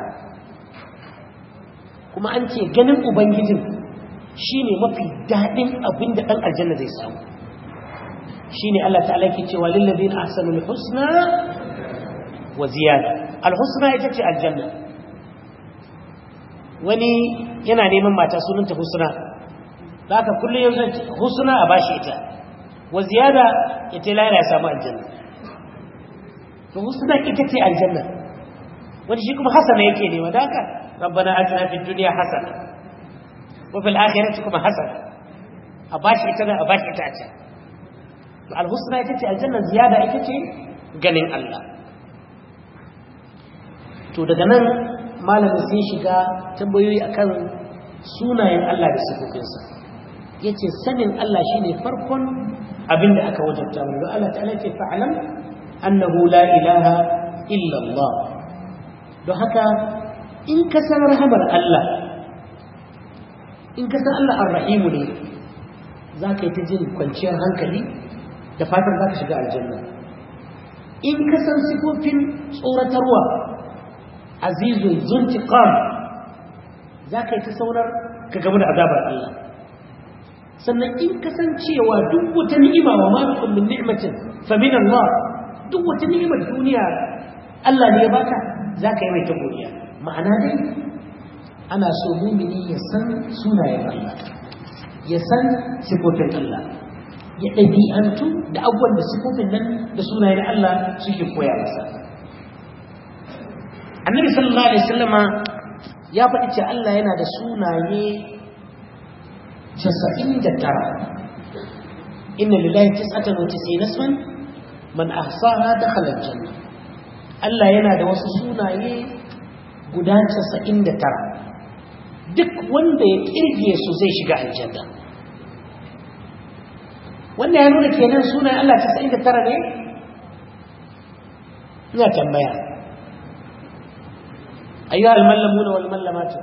kuma an ce ganin ubangijin shi ne mafi daɗin abin da ɗan aljanna zai samu shi ne Allah ta'ala ke cewa lillazin ahsanul husna wa ziyada alhusna ita ce aljanna wani yana neman mata sunanta husna da aka kullum yanzu husna a bashi ita wa ziyara ziyada ita lara ya samu aljanna to husna ita ce aljanna wani shi kuma hasana yake nema da haka rabbana atina fid dunya hasana wa fil akhirati kuma hasana a ita nan a ita a can to ita ce aljanna ita ce ganin Allah to daga nan malamin sun shiga tambayoyi akan sunayen Allah da sifofinsa yace sanin Allah shine farkon abin da aka wajabta mu da Allah ta'ala ce fa'lam annahu la ilaha illa Allah don haka in ka san rahamar Allah in ka san Allah al-Rahimu ne za ka yi ta jin kwanciyar hankali da fatan za ka shiga aljanna in ka san sifofin tsoratarwa azizun zuntiqam za ka yi ta saurar ka gamu da azabar Allah sannan in ka san cewa duk wata ni'ima wa ma bikum min ni'matin fa min Allah duk wata ni'imar duniya Allah ne ya baka ka yi mai ta godiya ma'ana dai ana so mumini ya san sunayen Allah ya san sifofin Allah ya ɗabi'antu da abubuwan da sifofin nan da sunayen Allah suke koya masa annabi sallallahu alaihi wasallama ya faɗi ce Allah yana da sunaye 99 إن لله تسعة وتسعين اسما من أحصاها jannah Allah yana da wasu sunaye. guda da tara, duk wanda ya kirge su zai shiga aljanna wannan ya nuna kenan sunan Allah da tara ne ina tambaya ayyuha almallamuna wal mallamatu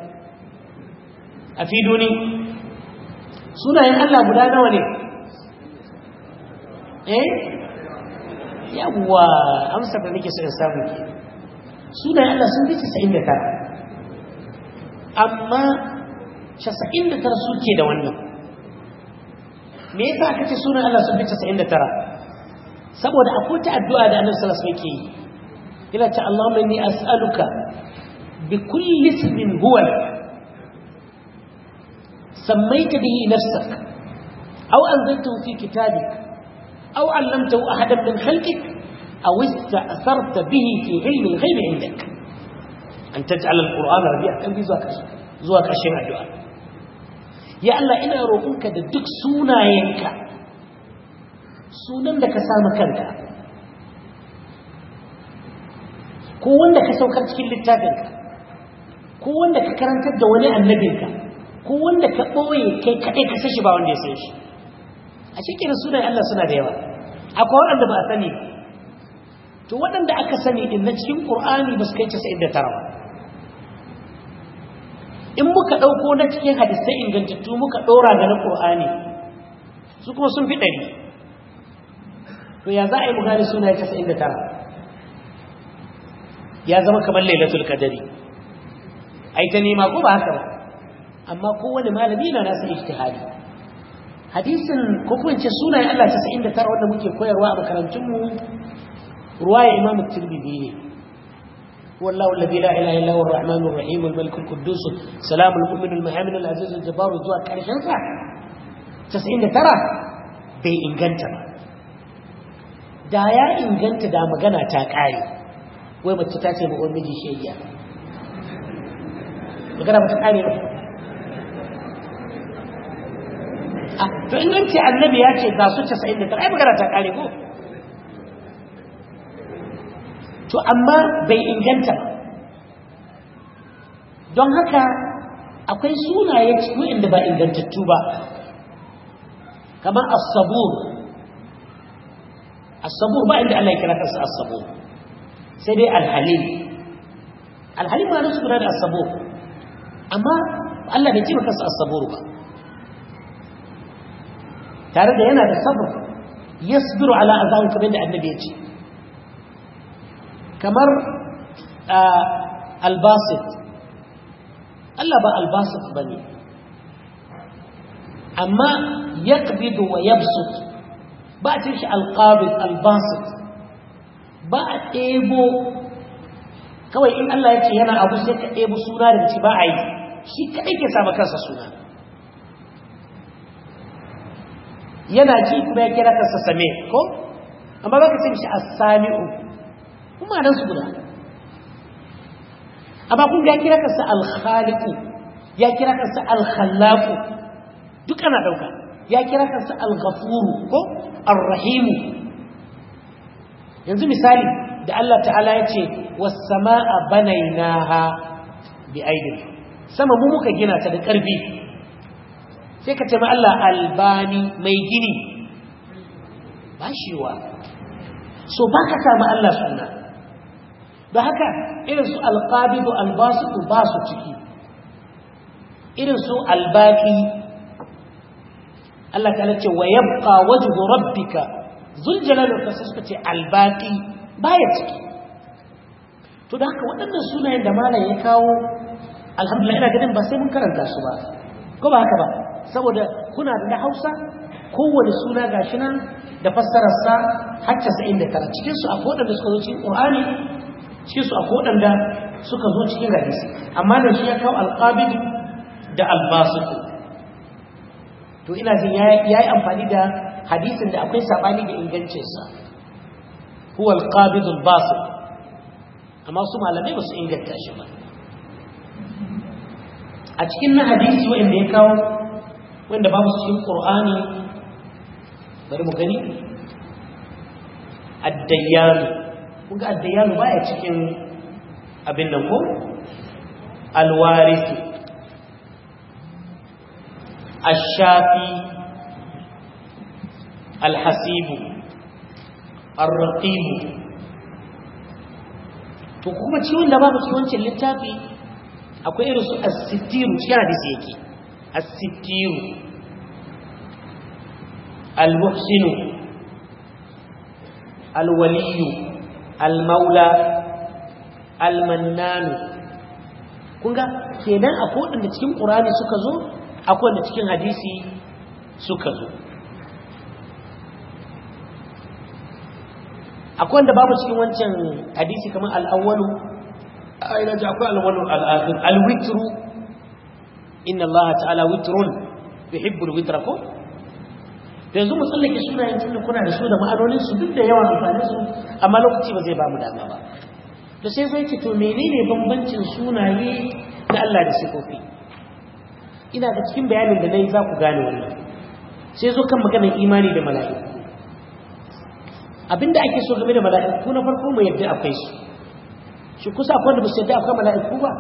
afiduni sunayen Allah guda nawa ne eh yawwa amsar da nake so in samu ke sudah Allah sendiri fi 99 amma 99 suke suci wannan wanya. Mereka akan ce sunan Allah sendiri fi 99 saboda ada aku addu'a doa Annabi sallallahu salah semiki. ila ta Allah inni as'aluka bi kulli ismin huwa sammaita bihi nafsak aw anzaltahu fi kitabik aw 'allamtahu ahadan min khalqik أو استأثرت به في علم الغيب عندك أن تجعل القرآن ربيع قلبي زواك زواك أشياء الدعاء يا الله إنا روحك دك سونا ينكا سونا لك سامكنك ko wanda ka saukar cikin littafinka ko wanda ka karantar da wani annabinka ko wanda ka ɓoye kai kaɗai ka sashi ba wanda ya san a cikin sunan Allah suna da yawa akwai waɗanda ba a sani to waɗanda aka sani din na cikin ƙur'ani ba su kai casa'in da tara ba in muka ɗauko na cikin hadisai ingantattu muka ɗora da na ƙur'ani su kuma sun fi ɗari to ya za a yi mu gane suna ya casa'in da tara ya zama kamar lailatul kadari ai ta nema ko ba haka ba amma kowane malami na nasu ijtihadi hadisin ko kuma ce sunayen Allah 99 wanda muke koyarwa a makarantunmu ruwaya imam tirmidhi ne والله الذي لا اله الا هو الرحمن الرحيم الملك القدوس سلام المؤمن المهيمن العزيز الجبار zuwa karshen sa 99 bai inganta ba da ya inganta da magana ta kare wai mace ta ce magana ba ta ba to inganci ce annabi ya ce ga su 99 ai magana ta kare ko to amma bai inganta ba don haka akwai sunaye inda ba ingantattu ba kamar as-sabur as-sabur ba inda Allah ya kira kansa as-sabur sai dai al-halim al-halim ba su kira da as-sabur amma Allah bai ce kansa as-sabur ba tare da yana da sabr yasbiru ala azan kamar da annabi ya ce kamar albasit Allah ba albasit ba ne amma ya wa yabsut ba a cikin shi alƙabit albasit ba a ɗebo kawai in Allah ya ce yana abu sai ka ɗebo suna da ci ba a yi shi kaɗai ke sama kansa suna yana ci kuma ya kira kansa same ko amma ba ka cin shi a sami'u kuma nan su guda amma kun ya kira kansa alkhaliqu ya kira kansa alkhallaqu duk ana dauka ya kira kansa alghafuru ko arrahimu yanzu misali da Allah ta'ala ya ce was samaa banaynaha bi aidin sama mu muka gina ta da karfi sai ka ce ma Allah albani mai gini bashiwa so baka ta ma Allah sunna da haka irin su alqabidu albasu ba su ciki irin su albaki Allah ta ce wa yabqa wajhu rabbika zul da ka suka ce ba baya ciki to da haka waɗannan sunayen da malam ya kawo alhamdulillah ina ganin ba sai mun karanta su ba ko ba haka ba saboda kuna da na Hausa kowane suna gashi nan da fassararsa haccasa har 99 cikin su kodin da suka zo cikin Qur'ani cikin su akwai waɗanda suka zo cikin hadisi amma da shi ya kawo alqabid da albasit to ina jin yi amfani da hadisin da akwai saɓani da ingancinsa huwa alqabid albasit amma su malamai ba su inganta shi ba a cikin na hadisi wanda ya kawo wanda babu cikin ƙur'ani, bari mu gani ad kuga ba baya cikin abin nan ko alwarisi ashafi alhasibu arraqibu to kuma ciwon da babu ciwancin littafi akwai irin su as-sittiru shi hadisi yake as-sittiru al-muhsinu al-waliyu almaula almannanu kunga kenan kodin da cikin qur'ani suka zo a kodin da cikin hadisi suka zo akwai wanda babu cikin wancan hadisi kamar al'awwalu a ina ji akwai al-awwalu al-witru inna allaha ta'ala witrun al witra ko yanzu mu tsallake sunayen tunda kuna da su da ma'anonin su duk da yawan amfanin su amma lokaci ba zai ba mu dama ba to sai zo yake to menene bambancin sunaye na Allah da sifofi ina da cikin bayanin da nayi za ku gane wannan sai zo kan maganar imani da mala'iku abinda ake so game da mala'iku na farko mu yadda akwai su shi kusa akwai da ba su yadda akwai mala'iku ba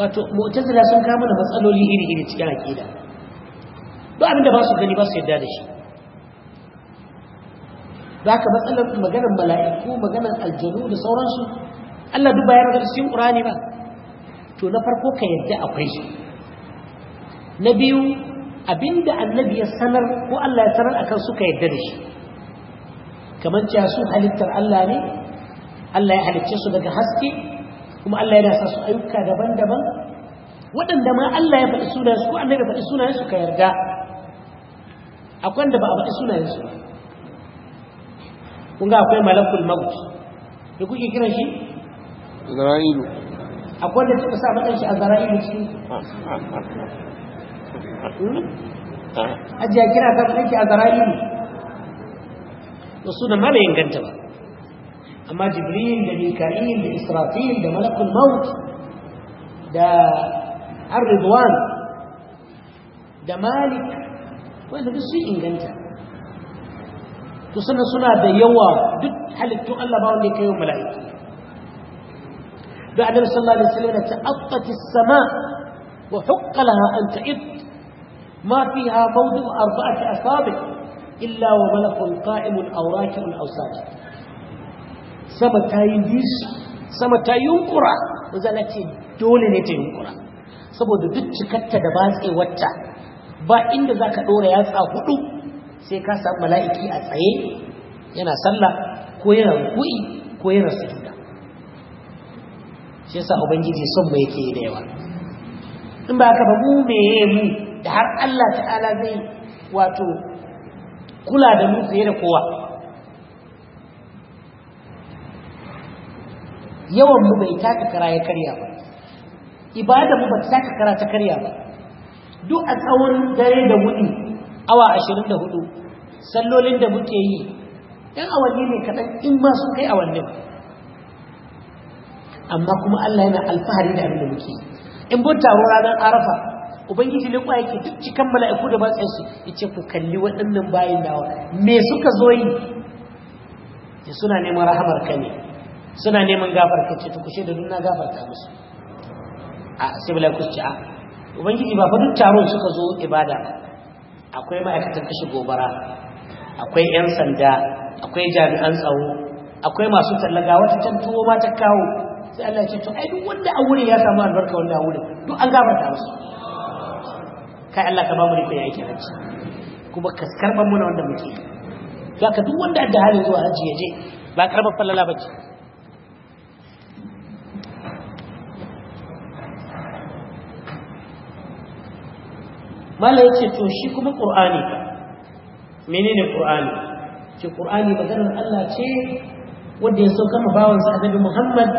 wato mu'tazila sun kama da matsaloli iri-iri cikin aqida duk abinda ba su gani ba su yadda da shi za ka matsalar maganar mala'iku maganar aljanu da sauransu Allah duk bayan da cikin ƙurani ba to na farko ka yadda akwai na biyu abinda annabi ya sanar ko Allah ya sanar akan suka yadda da shi kamar cewa su halittar Allah ne Allah ya halicce su daga haske kuma Allah ya nasa su ayyuka daban-daban waɗanda ma Allah ya faɗi su, ko annabi ya faɗi sunayensu ka yarda akwai da ba a faɗi sunayensu ba kun ga akwai malakul maut da kuke kiran shi zara'ilu akwai da suka sa faɗin shi a zara'ilu su hmm? ajiya kira ta faɗin a zara'ilu da da mana ganta ba amma jibril da mika'il da israfil da malakul maut da ar da malik wanda duk sun inganta to sannan suna da yawa duk halittun Allah ba wanda ya kai mala'iki da annabi sallallahu alaihi wasallam ya ta'aqqat as-sama wa huqqa laha an ta'id ma fiha mawdu' arba'ati asabi' illa wa malakun qa'imun aw raki'un aw sajid sama tayin dis sama tayin qura zalati dole ne ta yunkura saboda duk cikatta da batsewarta ba inda za ka ɗora yatsa hudu sai ka samu mala'iki a tsaye yana sallah ko yana rukui ko yana sujuda shi yasa ubangiji son mu yake da yawa in ba ka ba mu meye mu da har Allah ta'ala zai wato kula da mu fiye da kowa yawan mu bai taka kara ya karya ba ibada mu ba taka kara ta karya ba duk a tsawon dare da wuni awa ashirin da hudu sallolin da muke yi ɗan awanni ne kaɗan in ma su kai awannin amma kuma Allah yana alfahari da abin da muke in bu taro ranar arafa ubangiji ne kwa yake duk cikan mala'iku da matsayin su yace ku kalli waɗannan bayin dawa me suka zo yi ya suna neman rahamar ka ne suna neman gafar ce ta kushe da duna gafarta musu a sai mala'iku su ce a ubangiji ba fa duk taron suka zo ibada akwai ma'aikatan kashe gobara akwai 'yan sanda akwai jami'an tsawo, akwai masu tallaga wata tantuwo ba ta kawo sai Allah ce to ai duk wanda a wurin ya samu albarka wanda a wurin duk an gafarta musu kai Allah ka ba mu rikon yake haji kuma ka karban mana wanda muke ka duk wanda da hali zuwa hajji ya je ba karban fallala ba ce mala yace to shi kuma qur'ani ka menene qur'ani ki qur'ani maganar Allah ce wanda ya sauka ma bawan sa annabi Muhammad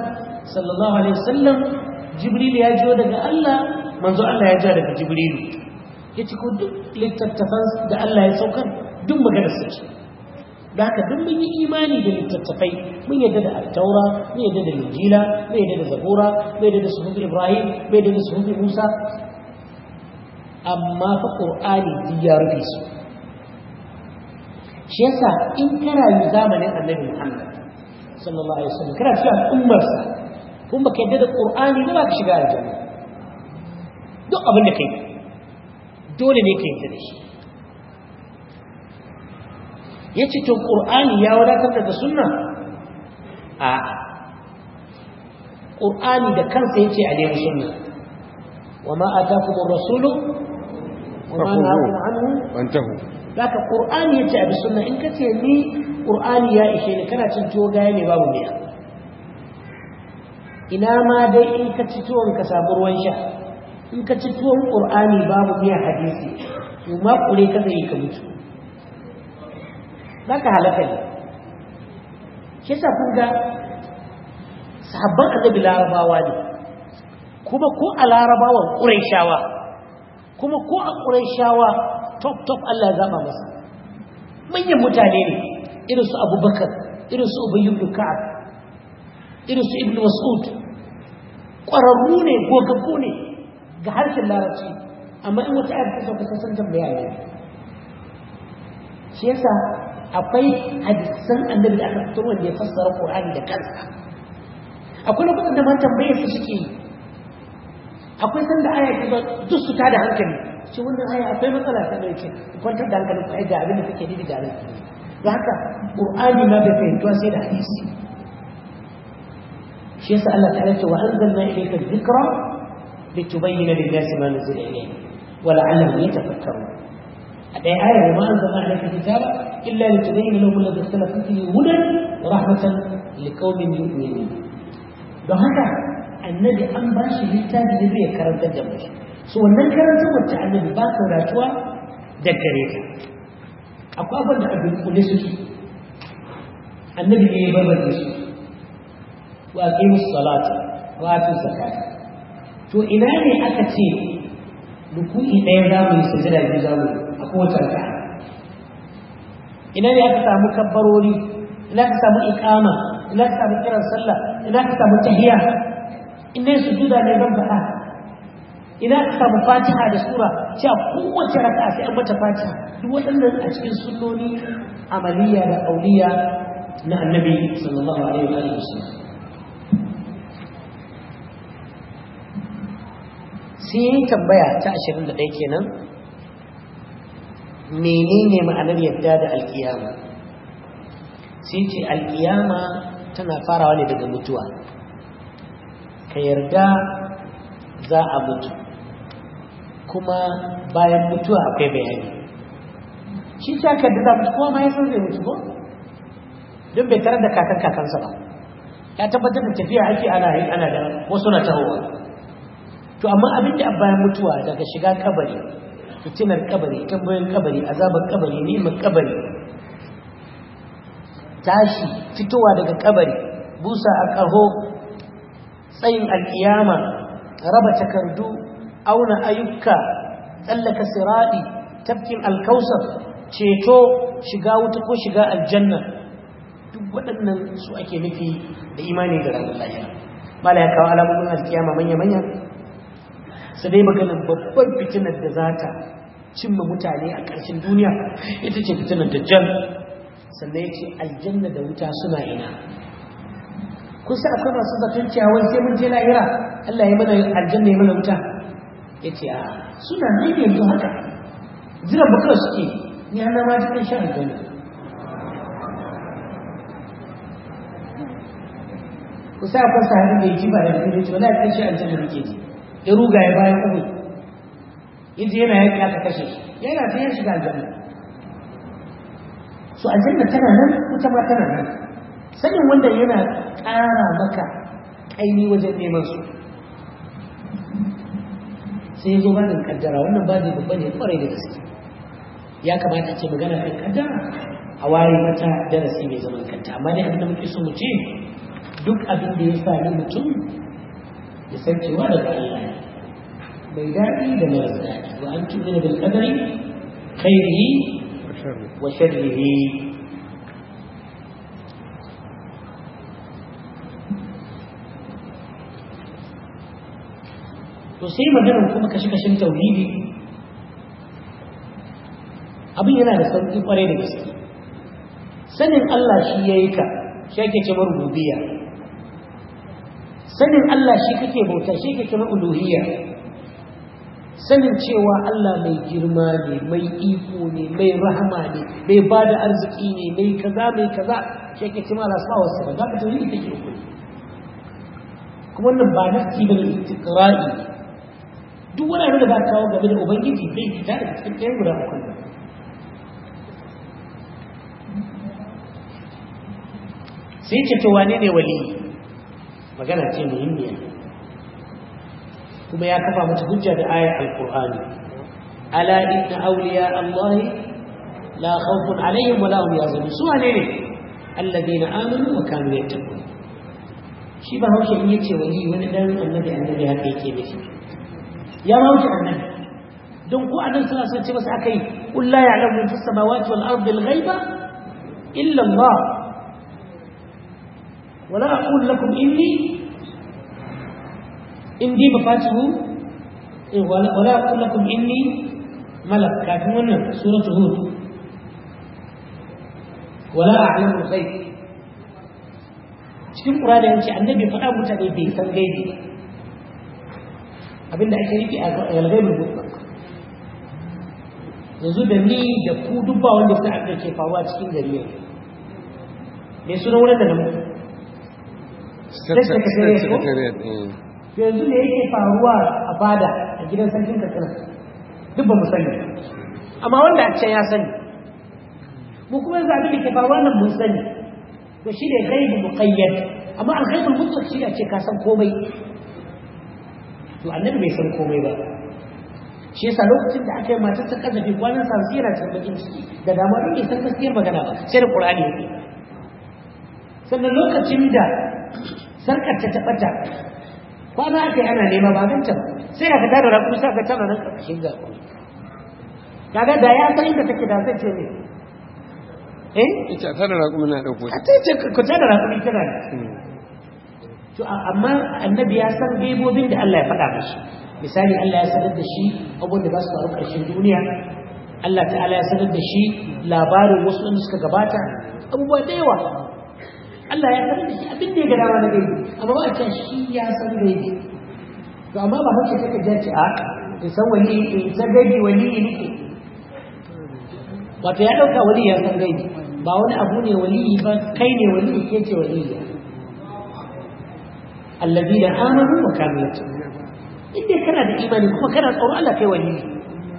sallallahu alaihi wasallam jibril ya jiyo daga Allah manzo Allah ya ja daga jibril yace ko duk littattafan da Allah ya sauka duk maganar sa ce da haka duk mun yi imani da littattafai mun yadda da altaura mun yadda da injila mun yadda da zabura mun yadda da suhuf ibrahim mun yadda da suhuf musa amma fa ƙur'ani duk ya rufe su shi yasa in kana yi zamanin annabi muhammad sallallahu alaihi wasallam kana cikin al'ummarsa kuma ka yadda da ƙur'ani ba ka shiga aljanna duk abin da kai dole ne ka yadda da shi ya ce to ƙur'ani ya wadatar da sunna a ƙur'ani da kansa ya ce a nemi sunna wa ma atakumur rasulu ya أغنى عنه وانتهوا in ka ce ni إن ya ishe ni? Kana cin tuwo gaya ne babu miya. ina ma dai in ka ci tuwon ka samu ruwan sha in ka ci tuwon ƙur'ani babu miya hadisi to ma ƙure ka zai ka mutu za ka halaka ne shi sa kun ga sahabban annabi larabawa ne kuma ko a larabawan shawa. kuma ko a shawa, top top Allah ya zaba masa manyan mutane ne irin su abubakar irin su ubayy ibn irin su ibn mas'ud ƙwararru ne gogaggu ne ga harshen larabci amma in wata yadda ta sauka sassan tambaya ne shi yasa akwai hadisan annabi da aka fito wanda ya fassara ƙorani da kansa akwai lokacin da man tambaye su suke yi akwai sanda aya ta zo duk su tada hankali ce wannan aya akwai matsala ta mai ce kwantar da hankalin ku ai ga abin da kuke ni da abin da haka qur'ani ma bai fahimtuwa sai da hadisi shi yasa Allah ta'ala ce wa anzalna ilayka dhikra litubayyana lin-nasi ma nuzila ilayhim wa la'allahum yatafakkarun a ɗaya ayar wa ma anzalna ilayka kitaba illa litubayyana lahum alladhi ikhtalafu fihi hudan wa rahmatan liqaumin yu'minun don haka annabi an ba shi littafi da zai karanta da mu so wannan karanta wacce annabi ba ka ratuwa da gare ka akwai abin da abin kule shi, annabi ne ya babar da su wa aqimu salata wa atu zakata to ina ne aka ce ruku'i ɗaya za mu yi sujada biyu za mu a kowace ka? ina ne aka samu kabbarori ina ka samu ikama? ina ka samu kiran sallah ina ka samu tahiyya in sujuda ne zan faɗa idan aka samu fatiha da sura sai a kowace raka'a sai an mata fatiha duk waɗannan a cikin sunnoni amaliya da auliya na annabi sallallahu alaihi wa alihi wasallam sai tambaya ta 21 kenan menene ma'anar yadda da alkiyama sai ce alkiyama tana farawa ne daga mutuwa ka yarda za a mutu kuma bayan mutuwa akwai bayani shi ta ka za mutu kuma ma ya zai mutu ko don bai tarar da kakan kakansa ba ya tabbatar da tafiya ake ana yi ana da wasu na tahowa to amma abin da bayan mutuwa daga shiga kabari fitinar kabari tambayoyin kabari azabar kabari neman kabari tashi fitowa daga kabari busa a ƙaho tsayin alkiyama raba takardu auna ayyuka tsallaka siraɗi tafkin alkausar ceto shiga wuta ko shiga aljanna duk waɗannan su ake nufi da imani da ranar lahira mala ya kawo alamomin alkiyama manya-manya su dai maganin babbar fitinar da za ta cimma mutane a ƙarshen duniya ita ce fitinar dajjal sannan ya ce aljanna da wuta suna ina kun sa akwai masu zaton cewa wai sai mun je lahira Allah ya mana aljanna ya mana wuta ya ce a suna nan yanzu haka jiran bakar suke ni an ma ji kan shan aljanna ku sa akwai sahabi da ya ji ba da ya ce wala kan shan aljanna ke ji ya ruga ya bayan uku ya yana yaƙi aka kashe shi yana ta yin shiga aljanna Su aljanna tana nan ko ma tana nan sanin wanda yana ƙara maka ƙaimi wajen neman su sai zo bada kaddara wannan ba zai babban ya kwarai da gaske ya kamata ce magana kan kaddara a waye mata darasi mai zaman kanta amma dai abinda muke so mu ce duk abin da ya sami mutum ya san cewa daga Allah mai daɗi da mara daɗi wa an cikin da bil khairihi wa sharrihi to sai maganar kuma kashe-kashen tauhidi abin yana da sauƙi ƙwarai da gaske sanin Allah shi ya yi ka shi ake ce marububiya sanin Allah shi kake bauta shi kake ce uluhiyya sanin cewa Allah mai girma ne mai iko ne mai rahama ne mai ba da arziki ne mai kaza mai kaza shi ake ce mara sa wasu ba za ka tauri ita ke kuma wannan ba nasi ba ne duk wani abin da ba kawo game da ubangiji zai fita da cikin ɗayan guda uku sai ce to wane ne wali magana ce muhimmiya kuma ya kafa mata hujja da ayar alkur'ani ala inna awliya allahi la khawfun alaihim wala hum yahzanun su wane ne alladheena amanu wa kanu yattaqun shi ba hausa in yace wali wani dan annabi annabi haka yake da shi يروج عنه دونك أن الله سبحانه وتعالى قل لا يعلم من في السماوات والأرض الغيبة إلا الله ولا أقول لكم إني إني مفاتحه إيه، ولا أقول لكم إني ملك كاتمون سورة هود ولا أعلم الغيب شكرا لك أنني فأنا متعبي بي سنجيبي abinda ake nufi a mai mutlaq yanzu da ni da ku dubba wanda suka abin da ke faruwa cikin gari ne me suna wurin da namu eh. yanzu ne yake faruwa a bada a gidan sarkin katsina duk ba mu sani amma wanda a can ya sani mu kuma yanzu abin da ke faruwa nan mun sani to shi ne gaibu muqayyad amma alghaibul mutlaq shi ne a ce ka san komai to annabi bai san komai ba shi yasa lokacin da aka yi matar ta kazafi kwanan sa sai yana cikin bakin ciki da dama ɗin bai san gaskiyar magana ba sai da qur'ani yake sannan lokacin da sarkar ta tabbata kwana aka yi ana nema ba ganta sai aka tara da kuma sai aka tara nan ƙarƙashin gaba kaga da ya san inda take da sai ce ne eh ita tara kuma na dauko ta ce ku tara kuma tana to amma annabi ya san gaibobin da Allah ya faɗa mashi misali Allah ya sanar da shi abin da ba su faru ƙarshen duniya Allah ta'ala ya sanar da shi labarin wasu da suka gabata abubuwa da yawa Allah ya sanar da shi abin da ya ga dama na gaibi amma ba a shi ya san gaibi to amma ba mace take jaci a in san wani in san gaibi wani ne nake wato ya ɗauka wani ya san gaibi ba wani abu ne wali ba kai ne wali ke ce wali ya alladina amanu wa kanu yattaqun idan kana da imani kuma kana tsoro Allah kai wani.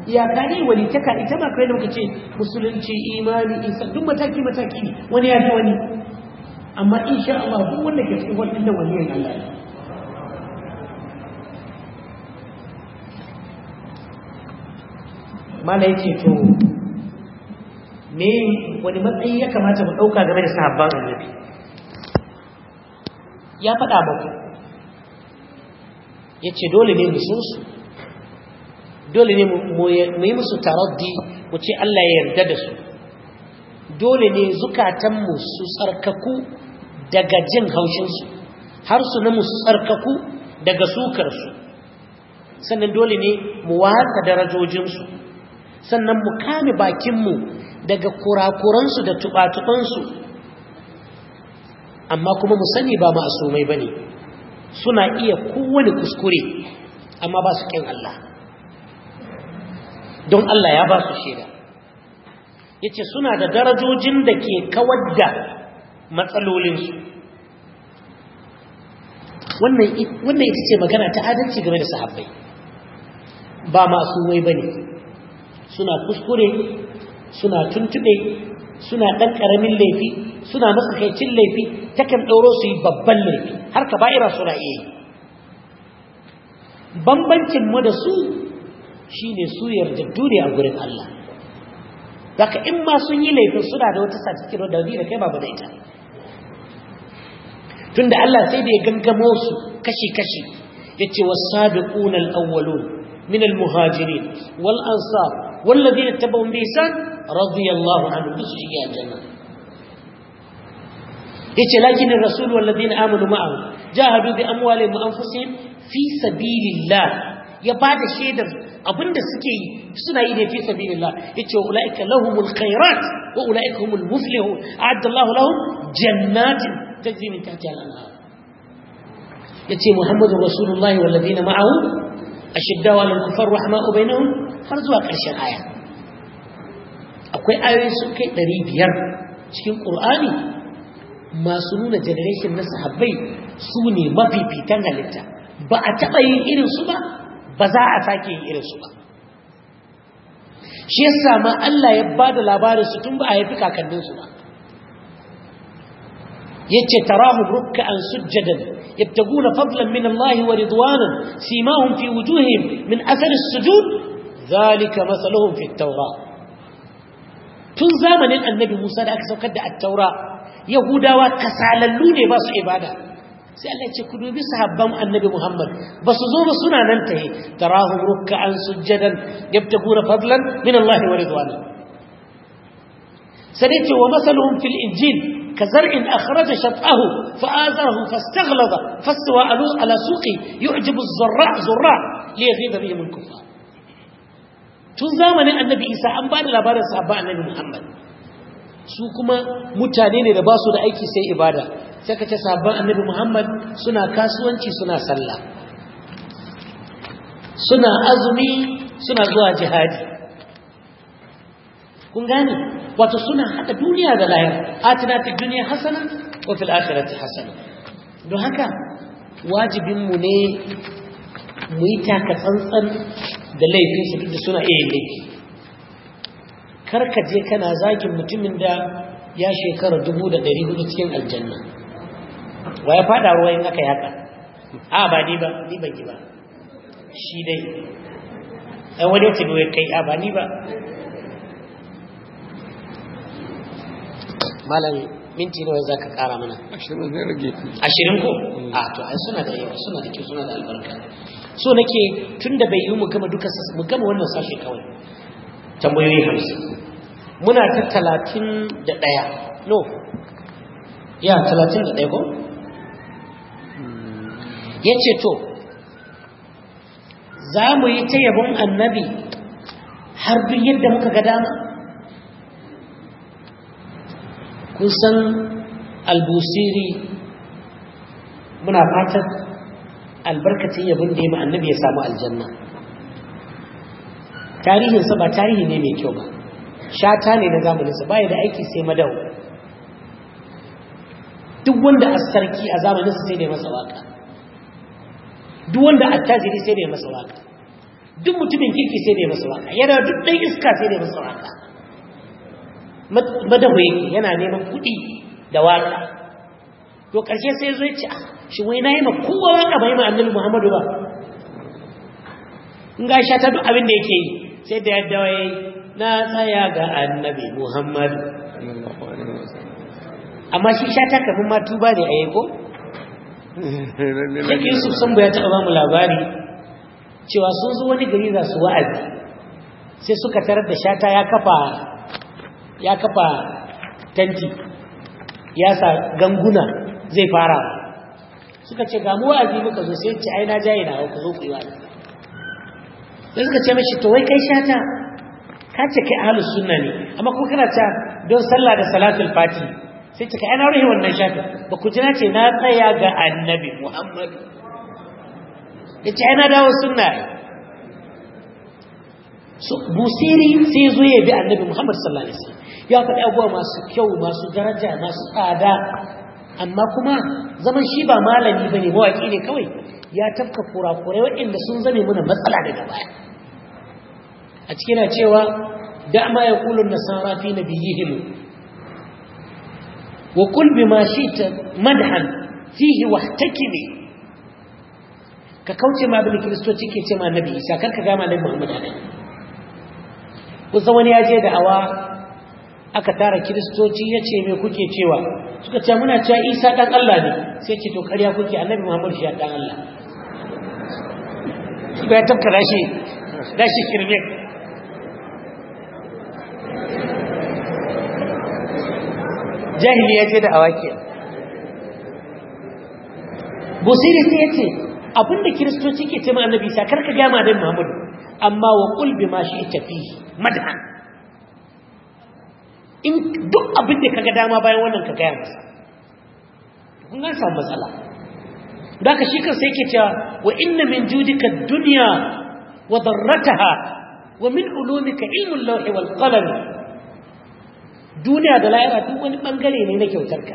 ya ka wani wali taka ita ma kai da muka ce musulunci imani isa duk mataki mataki wani ya ga wani amma insha Allah duk wanda ke cikin wannan wani Allah mala ya ce to me wani matsayi ya kamata mu ɗauka game da sahabban annabi ya faɗa muku ya ce dole ne musunsu dole ne mu yi musu taraddi mu ce Allah ya yarda da su dole ne zukatanmu su tsarkaku daga jin haushinsu har su na musu tsarkaku daga sukarsu sannan dole ne mu watsa darajojinsu sannan mu kame bakin mu daga kurakuransu da tuɓa-tuɓansu amma kuma mu sani ba ma'asumai ba ne suna iya kowane kuskure amma ba su ƙin Allah don Allah ya ba su shida ya ce suna da darajojin da ke kawar da matsalolinsu wannan ita ce magana ta adalci game da sahabbai ba masu wai ba ne suna kuskure suna tuntube suna ɗan ƙaramin laifi suna matsakaicin laifi takan ɗauro su yi babban laifi har ka ba'ira suna iya yi bambancin mu da su shine su yardaddu ne a gurin Allah daga in ma sun yi laifin suna da wata satikin da wani da kai ba da ita tun da Allah sai da ya gangamo su kashi-kashi ya ce wa sadiqun minal awwalun min al-muhajirin wal ansar wal da tabawun bi radiyallahu anhu duk su shiga aljanna yace lakin ar-rasul wal ladina amanu ma'ahu jahadu bi amwalihim wa anfusihim fi sabilillah ya bada shaidar abinda suke yi suna yi ne fi sabilillah yace ulaika lahumul khairat wa ulaika humul muflihun a'adallahu lahum jannatin tajri min tahtiha al-anhar yace muhammadur rasulullahi wal ladina ma'ahu ashidda'u 'alal kuffar rahma'u bainahum har zuwa ƙarshen aya akwai ayoyi sun kai ɗari biyar cikin ƙur'ani masu nuna generation na sahabbai su ne mafifitan halitta ba a taɓa yin irinsu ba ba za a sake yin irinsu ba shi yasa ma Allah ya ba da labarinsu tun ba a haifi kakanninsu ba yace tarahum ruk'an sujjadan yabtaguna fadlan min Allah wa ridwanan simahum fi wujuhihim min athar as-sujud dhalika mathaluhum fi at tun zamanin annabi musa da aka saukar da attaura yahudawa kasalallu ne ba su ibada sai Allah ce ku dubi sahabban annabi Muhammad ba su zo ba suna nan tahe tarahum ruk'an sujjadan yabtaguna fadlan min Allah wa ridwana sai ce wa masaluhum fil injil كزرع أخرج شطأه فآزره فاستغلظ فاستوى على سوقه يعجب الزراع زراع ليغيظ بهم الكفار tun zamanin annabi isa an ba da labarin sahabba annabi muhammad su kuma mutane ne da ba su da aiki sai ibada sai ka ce sahabban annabi muhammad suna kasuwanci suna sallah suna azumi suna zuwa jihadi kun gane wato suna hada duniya da lahira atina fid dunya hasana wa fil akhirati hasana don haka wajibinmu ne mu yi taka tsantsan da laifinsu duk da suna iya yin laifi karkaje kana zakin mutumin da ya shekara dubu da ɗari hudu cikin aljanna wa ya faɗa ruwa in aka yaka a ba ni ba ni ban yi ba shi dai ɗan wani wata bai kai a ba ni ba malam minti nawa za ka kara mana ashirin ko a to ai suna da yawa suna da kyau suna da albarka so nake tunda bai yi mu gama duka mu gama wannan sashi kawai tambayoyi hamsin muna ta talatin da ɗaya no ya talatin da ɗaya ko ya ce to za mu yi ta yabon annabi har duk yadda muka ga dama kun san albusiri muna fatan albarkacin yabin da ya ma annabi ya samu aljanna tarihinsa ba tarihi ne mai kyau ba shata ne na zamaninsa ya da aiki sai madau duk wanda a sarki a zamaninsa sai da masa waka duk wanda a tajiri sai da masa waka duk mutumin kirki sai da masa waka yana duk ɗan iska sai da masa waka madawai yana neman kuɗi da waka to ƙarshe sai zo ya ce ah, shi wai na yi ma kowa waka bai ma annabi muhammadu ba in ga sha ta duk abin da yake yi sai da yadda wai na tsaya ga annabi muhammadu amma shi sha ta kafin ma tuba ne a yi ko shi yusuf sun ya taɓa ba mu labari cewa sun zo wani gari za su wa'azi sai suka tarar da shata ya kafa ya kafa tanti ya sa ganguna zai fara suka ce ga mu wa'azi muka zo sai ce ai na jaye na ku zo ku yi wa'azi sai suka ce mishi to wai kai shata ka ce kai ahlus sunna ne amma kuma kana ta don sallah da salatul fati sai ce kai ai na rahi wannan shafi ba ku ji na ce na tsaya ga annabi muhammad ya ce ai na dawo sunna so busiri sai zo ya bi annabi muhammad sallallahu alaihi wasallam ya faɗi abubuwa masu kyau masu daraja masu tsada amma kuma zaman shi ba malami bane mawaki ne kawai ya tafka kurakurai waɗanda sun zame mana matsala daga baya a cikin na cewa da ma ya kulun nasara fi nabiyihim wa kul shi ta madhan fihi wahtakimi ka kauce ma abin kiristoci ke ce ma nabi isa karka ga malamin muhammad anan kusa wani ya je da awa aka tara kiristoci ya ce mai kuke cewa suka ce muna cewa isa ɗan Allah ne sai ce to karya kuke annabi muhammadu shi ɗan Allah ba ya tafka rashi shi kirme jahili ya ce da awaki busiri sai ya ce abinda kiristoci ke ce ma annabi ka karka gama da muhammadu amma wa kulbi ma shi tafi madhan in duk abin da kaga dama bayan wannan ka gaya masa kun ga samu matsala da ka shi kansa yake cewa wa inna min judika dunya wa darrataha wa min ulumika ilmul lawhi wal qalam duniya da lahira duk wani bangare ne na kyautarka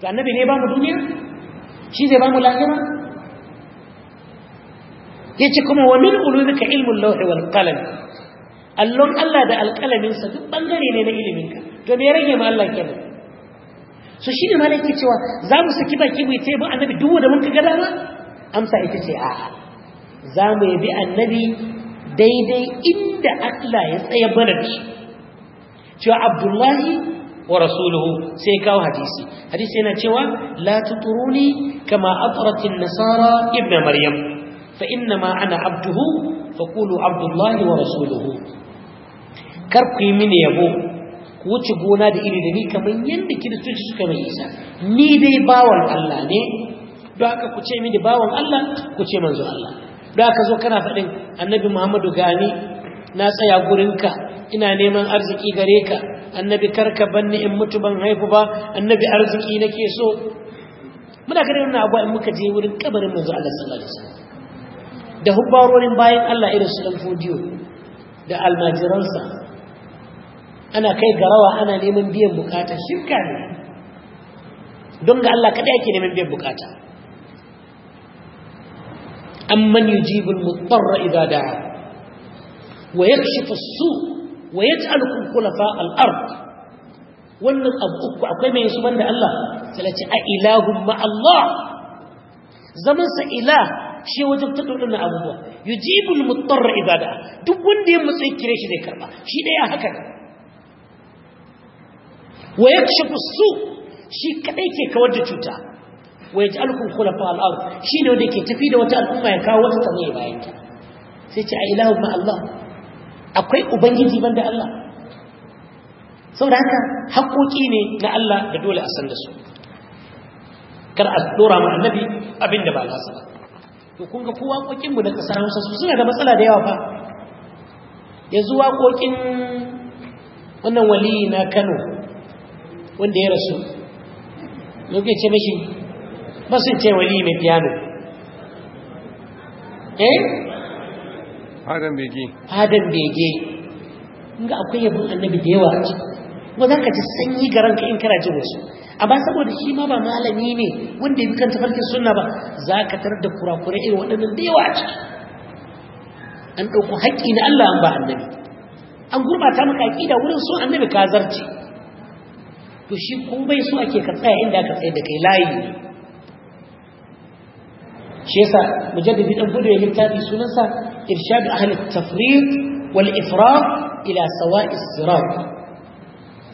to annabi ne ba mu duniya shi zai ba mu lahira yace kuma wa min ulumika ilmul lawhi wal qalam allon Allah da alƙalaminsa duk ɓangare ne na iliminka to me rage ma Allah kenan so shi ne ma cewa za mu saki baki mu ce ba annabi duk wanda mun kaga ba? amsa ita ce a'a za mu yabi annabi daidai inda Allah ya tsaya mana da shi cewa Abdullahi wa rasuluhu sai kawo hadisi hadisi yana cewa la tuturuni kama atratin nasara Ibn maryam fa inna ma ana abduhu فقولوا عبد الله ورسوله kar ku yi mini yabo ku wuce gona da iri da ni kamar yadda kiristoci suka mai isa ni dai bawan Allah ne don haka ku ce mini bawan Allah ku ce manzo Allah don haka zo kana faɗin annabi Muhammadu gani na tsaya gurinka ina neman arziki gare ka annabi karka banni in mutu ban haifu ba annabi arziki nake so muna ganin wannan abuwa in muka je wurin kabarin manzo Allah sallallahu alaihi wasallam da hubbarorin bayan Allah irin su dan fodiyo da almajiransa ana kai garawa ana neman biyan bukata shirka ne don ga Allah kada yake neman biyan bukata amman yujibul mutarra idza da'a wa yakshifu as-su wa yaj'alukum khulafa al-ard wannan abu akwai mai su banda Allah sai a ilahum ma Allah zaman sa ilah shi wajen ta dukkan abubuwa yujibul mutarra ibada duk wanda ya mutsayi kire shi zai karba shi dai haka ne wa yakshifu su shi kadai ke kawar da cuta wa yaj'alukum khulafa al-ard ne wanda ke tafi da wata al'umma ya kawo wata tsane bayan ta sai ce a ilahu ma Allah akwai ubangiji banda Allah saboda haka haƙoƙi ne na Allah da dole a san da su kar a dora ma annabi abinda ba nasa to kun ga kowa kokin mu da kasar Hausa su suna da matsala da yawa fa yanzu waƙoƙin wannan wali na Kano wanda ya rasu yake ce mashi basu ce wali mai piano eh adam bege adam bege inga akwai yabon annabi da yawa a ba za ka ci sanyi ga ranka in kana jin wasu amma saboda shi ma ba malami ne wanda ya bi kan tafarkin sunna ba za ka tarar da kurakure irin waɗannan da yawa a ciki an ɗauko haƙƙi na Allah an ba annabi an gurɓata maka aƙida wurin sun annabi ka zarce to shi bai so ake ka tsaya inda aka tsaye da kai layi ne shi yasa mujaddidi dan gudu ya littafi sunansa irshad ahli tafriq wal ifraq ila sawa'i sirat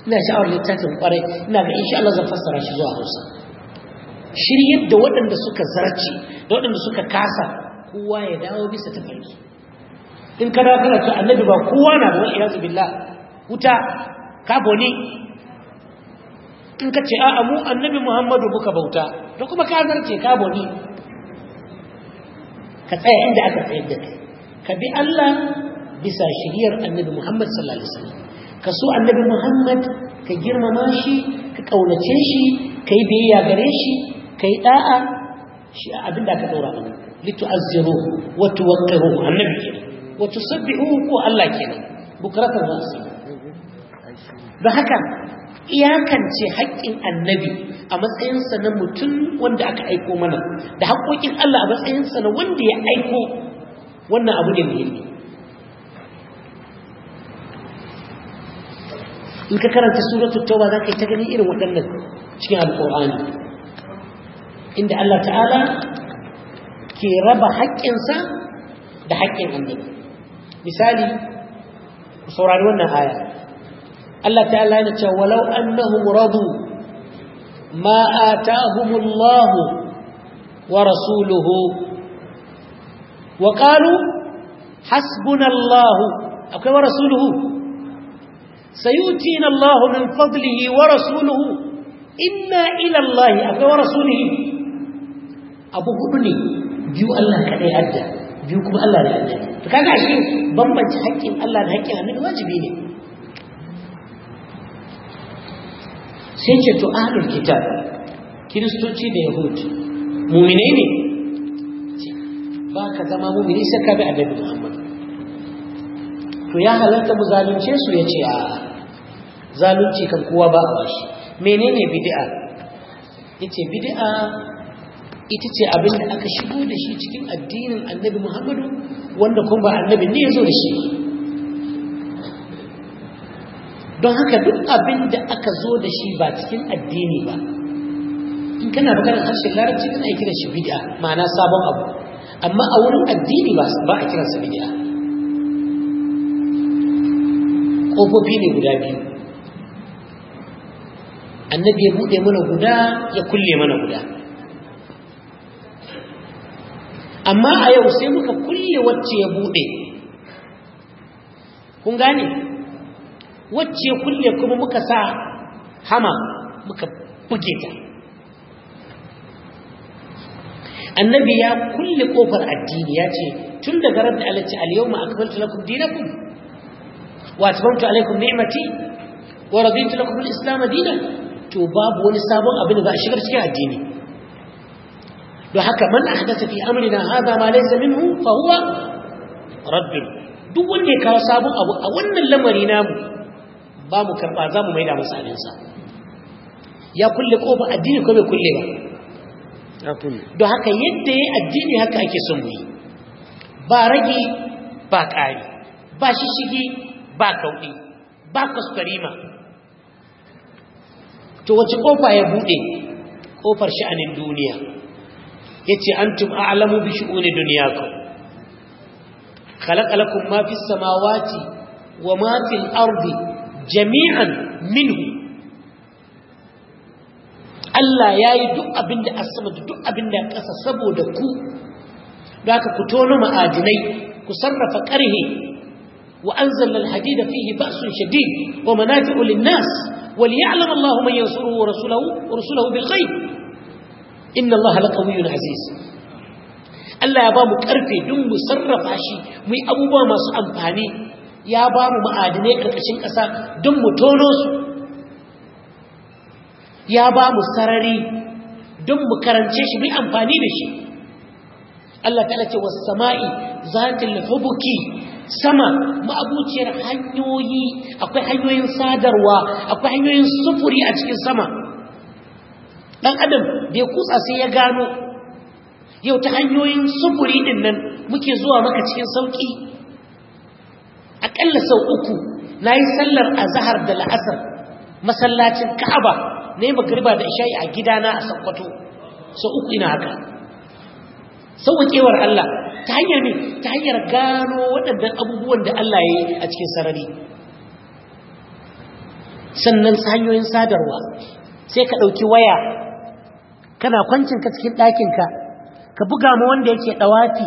ina sha'awar littafin kwarai ina ga insha Allah zan fassara shi zuwa Hausa shiryar da waɗanda suka zarce da waɗanda suka kasa kowa ya dawo bisa tafarki in kana kana to annabi ba kowa na da wal billah wuta kabo ne in ka ce a'a mu annabi muhammadu muka bauta da kuma ka zarce ka boni ka tsaya inda aka tsayar da kai ka bi Allah bisa shiriyar annabi muhammad sallallahu alaihi wasallam ka so annabi muhammad ka girmama shi ka kaunace shi ka yi biyayya gare shi ka yi da'a shi abin da aka daura mana litu'azziru wa tuwaqqiru annabi kenan wa tusabbihu ko Allah kenan bukratan wa asila don haka iyakance haƙƙin annabi a matsayinsa na mutum wanda aka aiko mana da haƙƙoƙin Allah a matsayinsa na wanda ya aiko wannan abu ne muhimmi in ka karanta suratul tauba za ka yi ta gani irin waɗannan cikin alƙur'ani inda Allah ta'ala ke raba haƙƙinsa da haƙƙin annabi misali saurari wannan aya Allah ta ta'ala yana cewa walau annahum radu ma atahumullahu wa rasuluhu wa qalu hasbunallahu akwai wa rasuluhu sayutina Allahu min fadlihi wa rasuluhu inna ila Allahi akwai wa rasulihi abu hudu ne biyu Allah kaɗai adda biyu kuma Allah ne adda to kaga shi bambance haƙƙin Allah da haƙƙin annabi wajibi ne sai ce to ahlul kitab kiristoci da yahud muminai ne ba ka zama mumini sai ka bi annabi muhammad to ya halatta mu zalunce su ya ce a zalunci kan kowa ba a bashi menene bid'a yace bid'a ita ce abin da aka shigo da shi cikin addinin annabi muhammadu wanda kuma ba annabi ne ya zo da shi don haka duk abin da aka zo da shi ba cikin addini ba in kana maganar harshen larabci kana kira shi bid'a ma'ana sabon abu amma a wurin addini ba ba a kiran sa bid'a kofofi ne guda biyu annabi ya bude mana guda ya kulle mana guda amma a yau sai muka kulle wacce ya bude kun gane wacce kulle kuma muka sa hama muka buge ta annabi ya kulle kofar addini ya ce tun daga rabbi alati al-yawma akmaltu lakum dinakum wa atmamtu alaykum ni'mati wa raditu lakum al-islam dinan to babu wani sabon abin da za a shigar cikin addini don haka man ahdatha fi amrina hadha ma laysa minhu fa huwa radd duk wanda ya kawo sabon abu a wannan lamari namu ba mu karɓa za mu maida masa abinsa ya kulle ko ba addini ko bai kulle ba don haka yadda ya addini haka ake son mu ba ragi ba ƙari ba shishigi ba kauɗi ba kuskurima to wace ƙofa ya buɗe ƙofar sha'anin duniya ya ce an tum a alamu bi shi'uni duniya ku kalakalakun mafi samawati wa mafin ardi jami'an minhu Allah ya yi duk abin da asama da duk abin da ƙasa saboda ku da aka ku tono ma'adinai ku sarrafa ƙarhe wa an zallar hadida fihi ba'sun shadid wa manafi'u linnas wal ya'lam Allahu man yansuruhu wa wa rasulahu bil zai? inna Allah la qawiyyun aziz Allah ya ba mu ƙarfe don mu sarrafa shi mu yi abubuwa masu amfani ya ba mu ma'adinai ƙarƙashin ƙasa don mu tono su ya ba mu sarari don mu karance shi mai amfani da shi Allah ta ce wasu sama'i zatin lafabuki sama ma'abuciyar hanyoyi akwai hanyoyin sadarwa akwai hanyoyin sufuri a cikin sama ɗan adam bai ya kutsa sai ya gano yau ta hanyoyin sufuri ɗin nan muke zuwa maka cikin sauƙi aƙalla sau uku na yi sallar azahar da la'asar masallacin ka'aba na yi magariba da isha'i a gidana a sakkwato sau uku ina haka sauƙewar Allah ta hanyar ne ta hanyar gano waɗannan abubuwan da Allah ya yi a cikin sarari sannan hanyoyin sadarwa sai ka ɗauki waya kana kwancin ka cikin ɗakinka ka buga ma wanda yake ɗawafi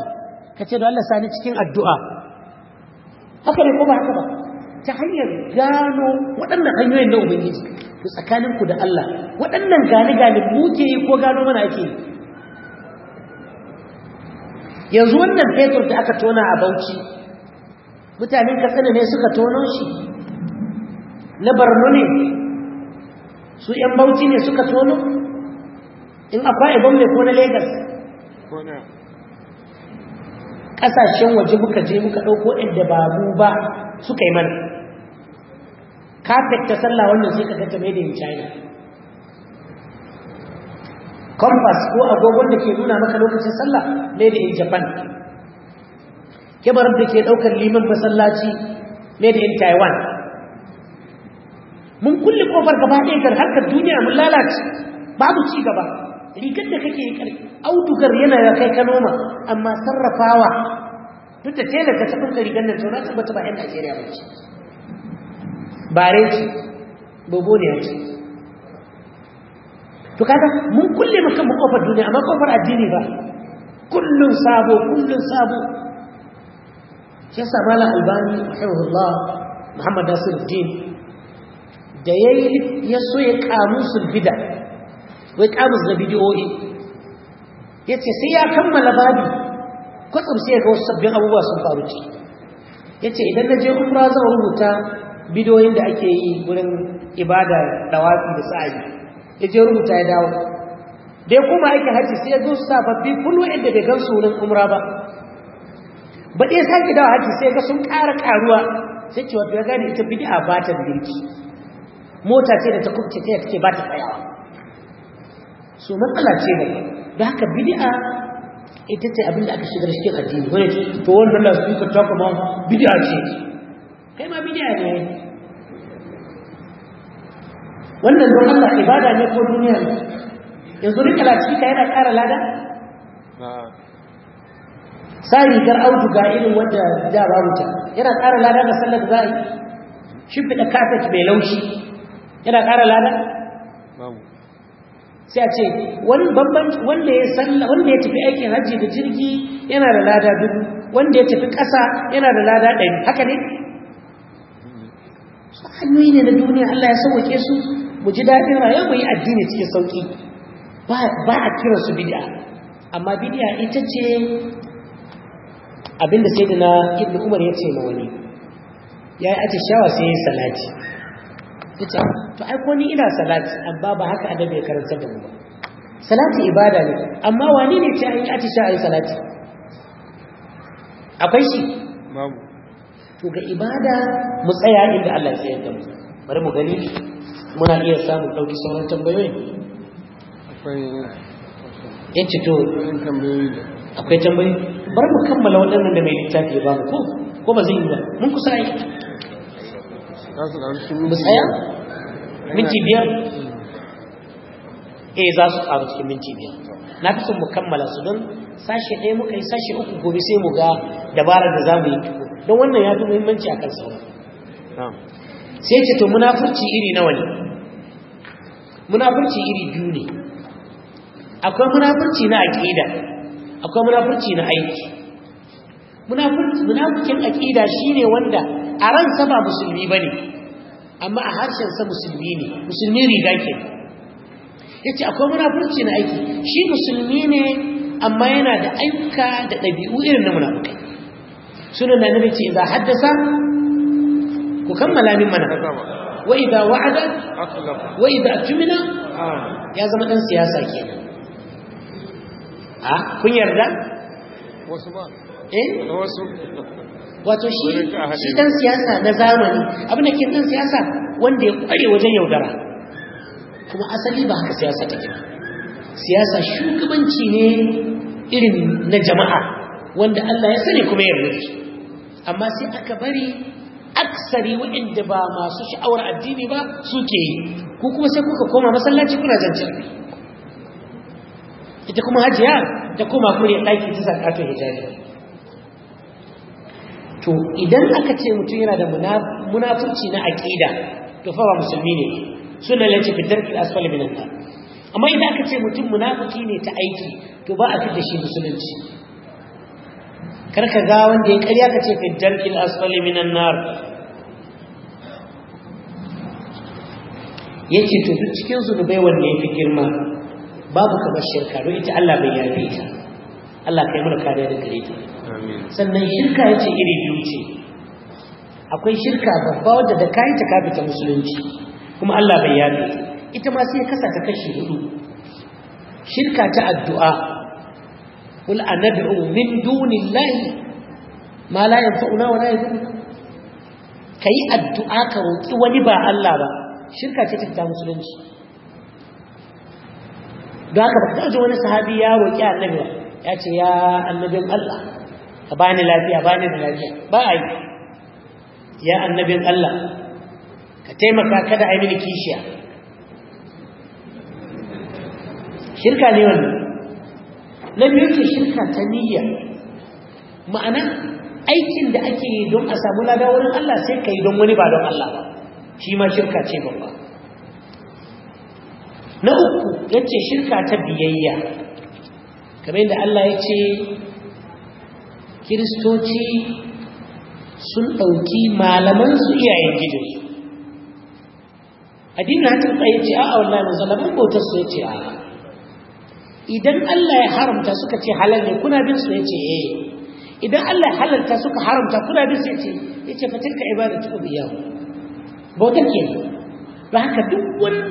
ka ce da Allah sani cikin addu'a haka ne ko ba haka ba ta hanyar gano waɗannan hanyoyin na ubangiji to tsakaninku da Allah waɗannan gane-gane muke yi ko gano mana ake yi yanzu wannan fetur da aka tona a bauchi mutanen katsina ne suka tono shi na barno ne su 'yan bauchi ne suka tono in akwai ibon mai ko na Legas? ƙasashen waje muka je muka ɗauko inda babu ba suka yi mana kafin ta sallah wannan sai ka ganta mai da china compass ko agogon da ke nuna maka lokacin sallah made da japan kibarar da ke ɗaukar liman masallaci made da taiwan mun kulle kofar gaba ɗaya harkar duniya mun lalace babu ci gaba rigar da kake yi ƙarfi audugar yana ya kai ka noma amma sarrafawa duk da tela ka taɓin da rigar nan to na tabbata ba 'yan najeriya ba ce bare ce bobo ne ce to kada mun kulle maka mu kofar duniya amma kofar addini ba kullun sabo kullun sabo shi yasa mala albani rahimahullah muhammad nasiruddin da yayi ya so ya kamusul bid'a wai ƙarus da bidiyoyi ya ce sai ya kammala babi kwatsam sai ya ga wasu sabbin abubuwa sun faru ce ya ce idan na je umra zan rubuta bidiyoyin da ake yi wurin ibada dawafi da sa'ayi ya je rubuta ya dawo da ya koma aiki hajji sai ya zo sababbi kullu inda bai gan su wurin umra ba ba ɗaya sake dawa hajji sai ga sun ƙara ƙaruwa sai ce wato ya gane ita bid'a ba ta birki mota ce da ta kubce ta take ba ta tsayawa so matsala ce ba da haka bid'a ita ce abin da aka shigar cikin addini wani to wanda da su ka taka ma bid'a ce kai ma bid'a ne wannan don Allah ibada ne ko duniya ne yanzu rika lafiya yana ƙara lada sa auju ga irin wanda da babu ta yana ƙara lada ga sallar za'i da kafet mai laushi yana ƙara lada babu sai a ce wanda ya tafi aikin hajji da jirgi yana da lada dubu wanda ya tafi ƙasa yana da lada ɗari haka ne su hanyoyi ne na duniya Allah ya sauke su mu ji daɗin rayuwa mu yi addini cikin sauƙi ba a kira su bidiya amma bidiya ita ce abinda sai da na ibnu umar ya ce ma wani ya yi shawa sai ya yi salati yace to ai ko ni ina salati amma ba haka adabi ya karanta da mu ba salati ibada ne amma wani ne ce an yi atisha ai salati akwai shi mamu to ga ibada mu tsaya inda Allah ya yarda mu bari mu gani muna iya samun dauki sauran tambayoyi akwai yace to akwai tambayoyi bari mu kammala waɗannan da mai littafi ya ba mu ko ko ba zai yi ba mun kusa yi mu tsaya minti biyar eh za su ƙaru cikin minti biyar na fi son mu kammala su don sashe ɗaya muka yi sashe uku gobe sai mu ga dabarar da za mu yi tuko don wannan ya fi muhimmanci a kan sauran sai ce to munafurci iri nawa ne munafurci iri biyu ne akwai munafurci na aƙida akwai munafurci na aiki munafikin aƙida shine wanda a ransa ba musulmi ba ne amma a harshensa musulmi ne musulmi riga ke ya ce akwai munafurci na aiki shi musulmi ne amma yana da aika da ɗabi'u irin na munafukai suna na nabi ce za haddasa ku kammala min mana wa idza wa'ada wa idza atmina ya zama ɗan siyasa ke. a ah, kun yarda wasu ba eh wasu wato shi shi dan siyasa na zamani abin da ke dan siyasa wanda ya kware wajen yaudara kuma asali ba haka siyasa take ba siyasa shugabanci ne irin na jama'a wanda Allah ya sani kuma ya yarda amma sai aka bari aksari waɗanda ba masu sha'awar addini ba suke yi ko kuma sai kuka koma masallaci kuna zancen ita kuma hajiya ta koma kuma ya ɗaki ta sarƙatar hijabi to idan aka ce mutum yana da munafurci na aƙida, to fa ba musulmi ne suna lalace fitar fi asfal min an amma idan aka ce mutum munafiki ne ta aiki to ba a da shi musulunci kar ka ga wanda ya karya ka ce fitar fil asfal min an yace to duk cikin zunubai wanda fi girma babu kamar shirka don ita Allah bai yafe ta Allah kai mana kariya da gare ta sannan shirka ya ce iri biyu ce akwai shirka babba wadda da kayi ta kafita musulunci kuma Allah bai yabe ita ma sai ya kasa ta kashi hudu shirka ta addu'a kul anad'u min dunillahi ma la yanfa'una wa la yadurruna kai addu'a ka roki wani ba Allah ba shirka ce ta musulunci don haka ba ta wani sahabi ya roki annabi ya ce ya annabin Allah Ka bani lafiya bani da lafiya ba a yi ya annabin Allah ka taimaka kada a yi mini kishiya shirka ne wannan na biyu ce shirka ta niyya ma'ana aikin da ake yi don a samu lada wurin Allah sai ka yi don wani ba don Allah shi ma shirka ce babba na uku ce shirka ta biyayya kamar yadda Allah ya ce kiristoci sun ɗauki malamansu iyayen gidan addinin hakan tsaye ce a wallahi musulman bautar su ya ce a idan Allah ya haramta suka ce halal ne kuna bin su ya ce eh idan Allah ya halalta suka haramta kuna bin su ya ce ya ce ta ibadatu biyahu bautar ke ba haka duk wanda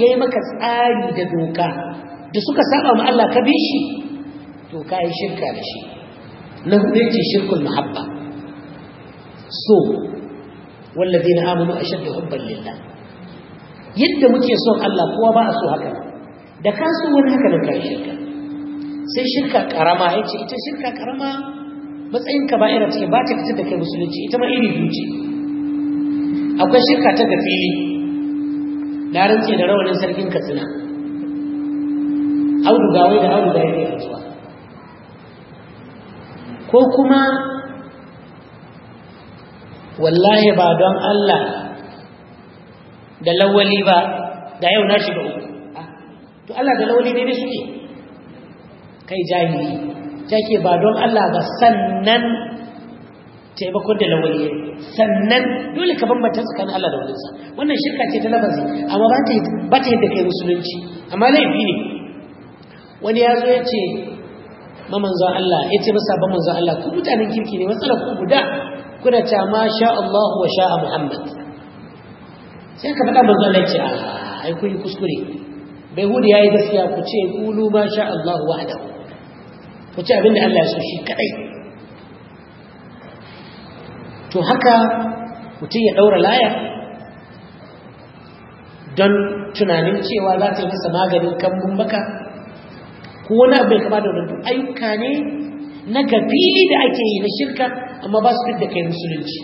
ya yi maka tsari da doka da suka saba ma Allah ka bi shi to ka yi shirka da shi na hudu yace shirkul muhabba so walladina amanu shaɗa hubban lillah yadda muke son Allah kowa ba a so haka da ka so wani haka da kai shirka sai shirka karama yace ita shirka karama matsayin ka ba irin take ba ta fita da kai musulunci ita ma iri biyu akwai shirka ta ga fili na rantse da rawanin sarkin katsina auduga wai da auduga yake kasuwa ko kuma wallahi ba don Allah da lawali ba da yau na shiga uku ah, to Allah da lawali ne ne suke kai jahili take ba don Allah ba sannan taimakon da lawali sannan dole ka bambanta tsakanin Allah da walinsa wannan shirka ce ta labarzi amma ba ta yadda kai musulunci amma laifi ne wani ya zo ya ce mamanzan Allah ya ce masa ba manzan Allah ku mutanen kirki ne matsalar ku guda kuna ta ma sha Allah wa sha Muhammad sai ka faɗa manzan Allah ce ai ku yi kuskure bai hudu yi gaskiya ku ce kulu ma sha Allah adam ku ce abinda Allah ya so shi kadai to haka mutum ya ɗaura laya don tunanin cewa za ta yi masa maganin kambun baka ko wani abu ya kama da wani ayyuka ne na gafi da ake yi na shirka amma ba su fit da kai musulunci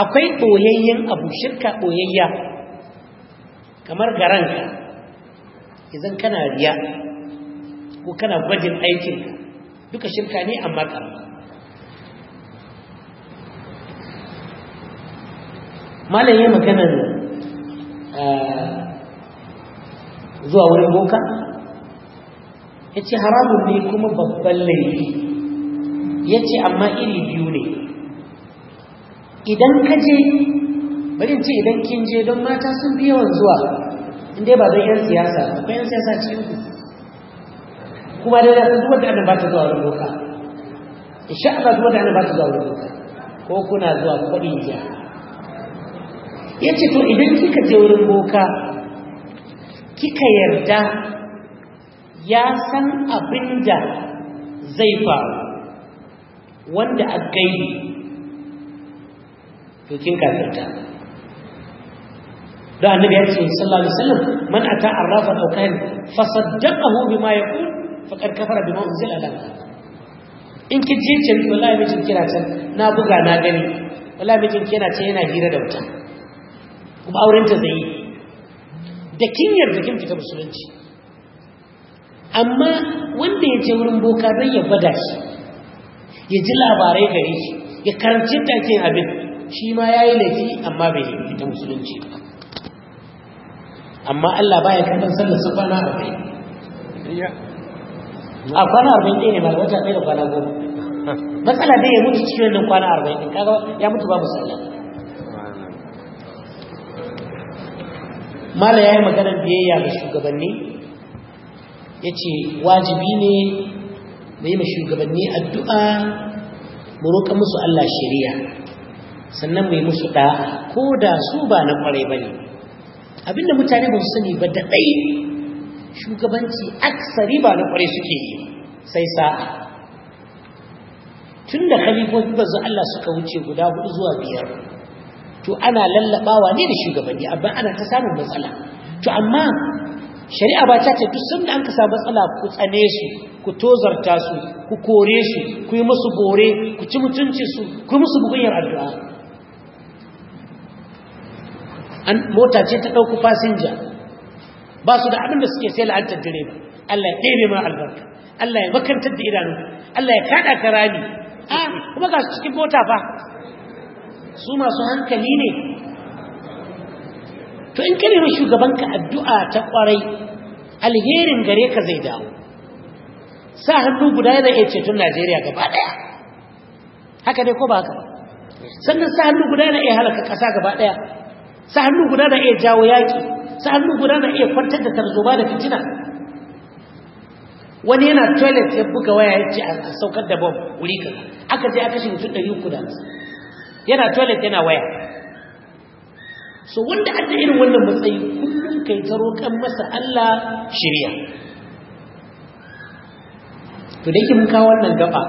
akwai ɓoyayyen abu shirka ɓoyayya kamar garanka idan kana riya ko kana gwajin aikinka duka shirka ne amma ka malam maganar ah, zuwa wurin boka ya ce haramun ne kuma babban laifi ya ce amma iri biyu ne idan ka je bari ce idan kin je don mata sun fi yawan zuwa inda ba zai 'yan siyasa akwai 'yan siyasa cikin ku kuma dai da zuwa da annabi ba ta zuwa wurin doka sha Allah zuwa da annabi ba ta zuwa wurin doka ko kuna zuwa kuɗin jiya ce to idan kika je wurin boka kika yarda ya san abin da zai faru wanda a gaibi to kin kafirta da annabi ya ce sallallahu alaihi wasallam man ata arrafa aw kan saddaqahu bima yaqul faqad kafara bima unzila ala in ki je ce wallahi mijin kira can na buga na gani wallahi mijin kina ce yana hira da wuta kuma auren ta zai da kin yarda kin fita musulunci amma wanda ya ce wurin boka don ya bada shi ya ji labarai gare shi ya karanci takin abin shi ma ya yi laifi amma bai yi ta musulunci ba amma Allah ba ya kanta sallar su kwana arba'in a kwana arba'in ɗaya ne ba wata ɗaya da kwana goma matsala dai ya mutu cikin wannan kwana arba'in ɗin kaga ya mutu babu sallah mala ya yi maganar biyayya ga shugabanni ya ce wajibi ne da yi shugabanni addu'a mu roƙa musu Allah shari'a sannan mu yi musu ɗa ko da su ba na ƙwarai ba ne abinda mutane ba su sani ba da ɗai shugabanci aksari ba na ƙwarai suke yi sai sa'a tun da khalifofi ba Allah suka wuce guda hudu zuwa biyar to ana lallaɓawa ne da shugabanni amma ana ta samun matsala to amma shari'a ba ta ce duk sun da an ka matsala ku tsane su ku tozarta su ku kore su ku yi musu bore ku ci mutunci su ku yi musu bugunyar addu'a an mota ce ta ɗauku fasinja ba su da abin da suke sai la'antar ba, Allah ya ɗebe ma albarka Allah ya makantar da idanu Allah ya kaɗa ka rami a ah, kuma ga su cikin mota fa su masu hankali ne to in kare ma shugabanka addu'a ta kwarai alherin gare ka zai dawo sa hannu guda yana iya ceton Najeriya gaba daya haka dai ko ba haka ba sannan sa hannu guda yana iya halaka kasa gaba daya sa hannu guda na iya jawo yaki sa hannu guda na iya kwantar da tarzoma da fitina wani yana toilet ya buga waya ya ce a saukar da bob wuri ka. aka je aka shi mutum ɗari uku da yana toilet yana waya so wanda an da irin wannan matsayi kullum kai ta kan masa Allah shirya to da yake mun kawo wannan gaba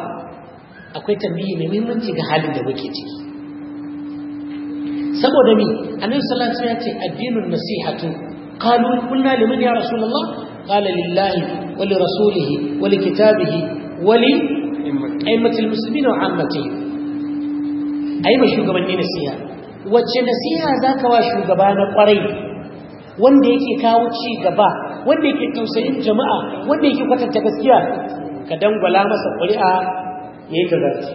akwai tambayi mai muhimmanci ga halin da muke ciki saboda mi annabi sallallahu alaihi wasallam ya ce addinun nasihatu qalu qulna liman ya rasulullah qala lillahi wa li rasulihi wa li kitabihi wa li aimmatil muslimin wa ummati ai ba shugabanni nasiha wacce nasiha za ka wa shugaba na kwarai wanda yake kawo ci gaba wanda yake tausayin jama'a wanda yake kwatanta gaskiya ka dangwala masa ƙuri'a ya yi gagarci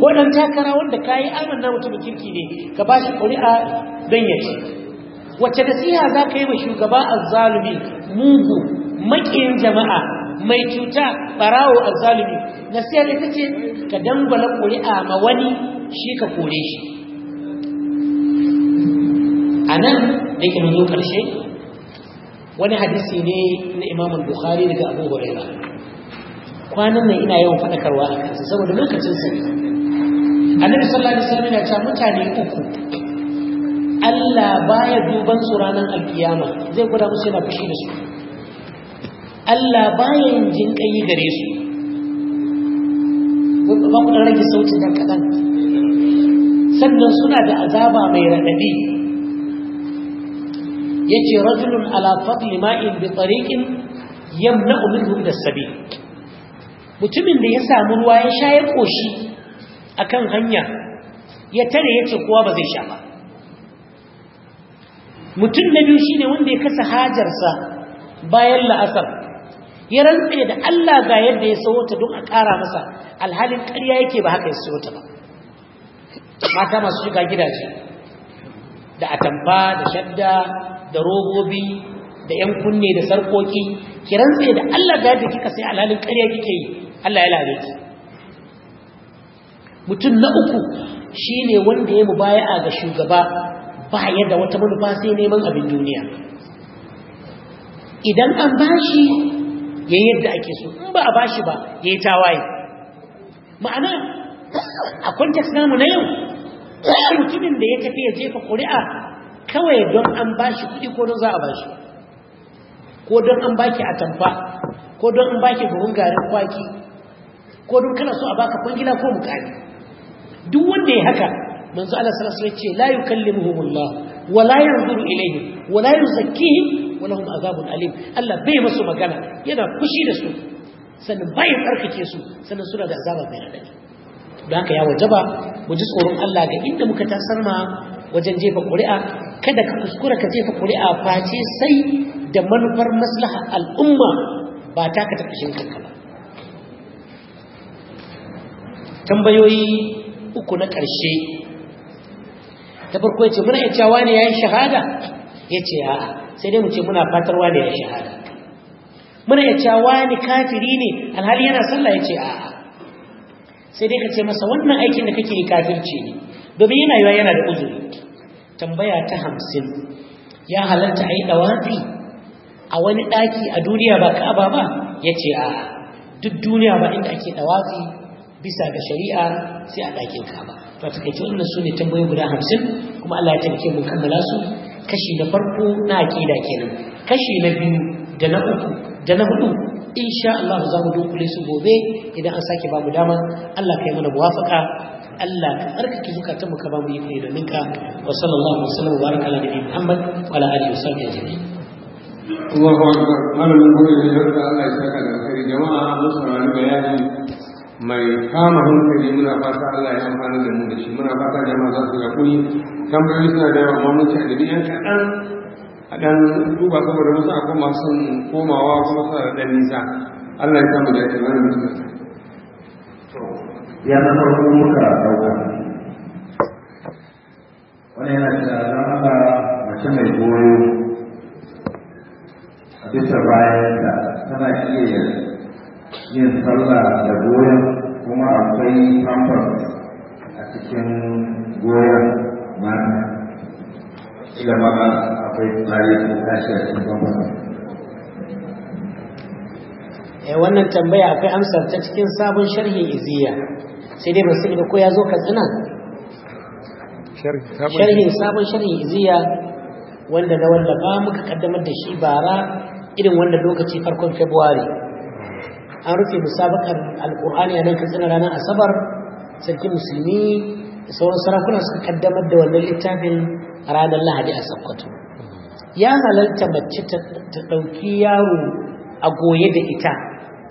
ko ɗan takara wanda ka yi na mutumin kirki ne ka ba shi ƙuri'a don ya ci wacce nasiha za ka yi wa shugaba azzalumi mugu maƙiyin jama'a mai cuta ɓarawo azzalumi gaskiyar da ce ka dangwala ƙuri'a ma wani shi ka kore shi a nan da yake mun ƙarshe wani hadisi ne na imam bukhari daga abu huraira kwanan nan ina yawan faɗakarwa a kansa saboda lokacin A annabi sallallahu alaihi wasallam yana cewa mutane uku Allah baya duban su ranar alkiyama zai gwada musu yana fushi da su Allah baya yin jinƙayi gare su za rage sautin da kaɗan sannan suna da azaba mai raɗaɗi yace rajulun ala fadli ma'in bi tariqin yamna'u minhu ila sabil mutumin da ya samu ruwa ya sha ya koshi akan hanya ya tare yace kowa ba zai sha ba mutum na biyu shine wanda ya kasa hajarsa bayan la'asar ya rantse da Allah ga yadda ya sayo ta don a ƙara masa alhalin ƙarya yake ba haka ya sayo ta ba mata masu shiga gidaje da atamfa da shadda da robobi da yan kunne da sarkoki ki rantse da Allah ga yadda kika sai alhalin ƙarya kike yi Allah ya lare ki mutum na uku shine wanda ya mubaya'a ga shugaba ba yadda wata manufa sai neman abin duniya idan an bashi ya yadda ake so in ba a bashi ba ya yi tawaye ma'ana a kwantar namu na yau mutumin da ya tafi ya jefa ƙuri'a kawai don an bashi kuɗi ko don za a bashi ko don an baki atamfa ko don an baki buhun garin kwaki ko don kana so a baka kwangila ko mukari duk wanda ya haka manzo Allah sallallahu alaihi wasallam ce la yukallimuhumullah wala yanzuru ilayhim wala yuzakkihim walahum azabun alim Allah bai masu magana yana fushi da su sannan bayan karkace su sannan suna da azaba mai radadi don haka ya wajaba mu ji tsoron Allah ga inda muka tasar ma wajen jefa ƙuri'a kada ka kuskura ka jefa ƙuri'a face sai da manufar maslaha al'umma ba ta ka tafi kanka ba tambayoyi uku na ƙarshe ta farko ya ce muna iya cewa ne ya yi shahada ya ce a'a sai dai mu ce muna fatarwa da ya shahada muna ya cewa wani kafiri ne alhali yana sallah ya ce a'a sai dai ka ce masa wannan aikin da kake yi kafirci ne domin yana yiwa yana da uzuri tambaya ta hamsin ya halarta a yi ɗawafi a wani ɗaki a duniya ba ka'aba ba ya ce a duk duniya ba inda ake ɗawafi bisa ga shari'a sai a ɗakin ka'aba to a ce wannan su ne tambayoyi guda hamsin kuma Allah ya taimake mu kammala su kashi na farko na aƙida kenan kashi na biyu da na uku da na hudu insha Allah za mu dunkule su gobe idan an sake babu dama Allah kai mana buwafaka Allah ka tsarkake zukatan mu ka bamu yi kai da ninka wa sallallahu alaihi wa sallam baraka alaihi Muhammad wa ala alihi wa sahbihi ajma'in Allahu akbar malamin gudu da Allah ya saka da kai jama'a mun bayani mai kama hankali muna fata Allah ya amfana da mu da shi muna fata jama'a za su yaƙuri tambayoyi suna da yawa amma mun da biyan kaɗan a dan duba saboda musu akwai masu komawa kuma suna da ɗan nisa Allah ya samu da ya tsaye wani mutum ya na farko muka ɗauka wani yana da zan haka mace mai goyo a bisa bayan da tana iya yin sallah da goyon kuma akwai pampers a cikin goyon mata ila ma akwai tsari ko kashi a cikin pampers eh wannan tambaya akwai amsar ta cikin sabon sharhi iziya sai dai ba su ko ya zo katsina sharhin sabon sharhin iziya wanda na wallafa muka kaddamar da shi bara irin wanda lokaci farkon february an rufe musabakar alkur'ani a nan katsina ranar asabar sarki musulmi da sauran sarakuna suka kaddamar da wannan littafin ranar lahadi a sakkwato ya halarta mace ta ɗauki yaro a goye da ita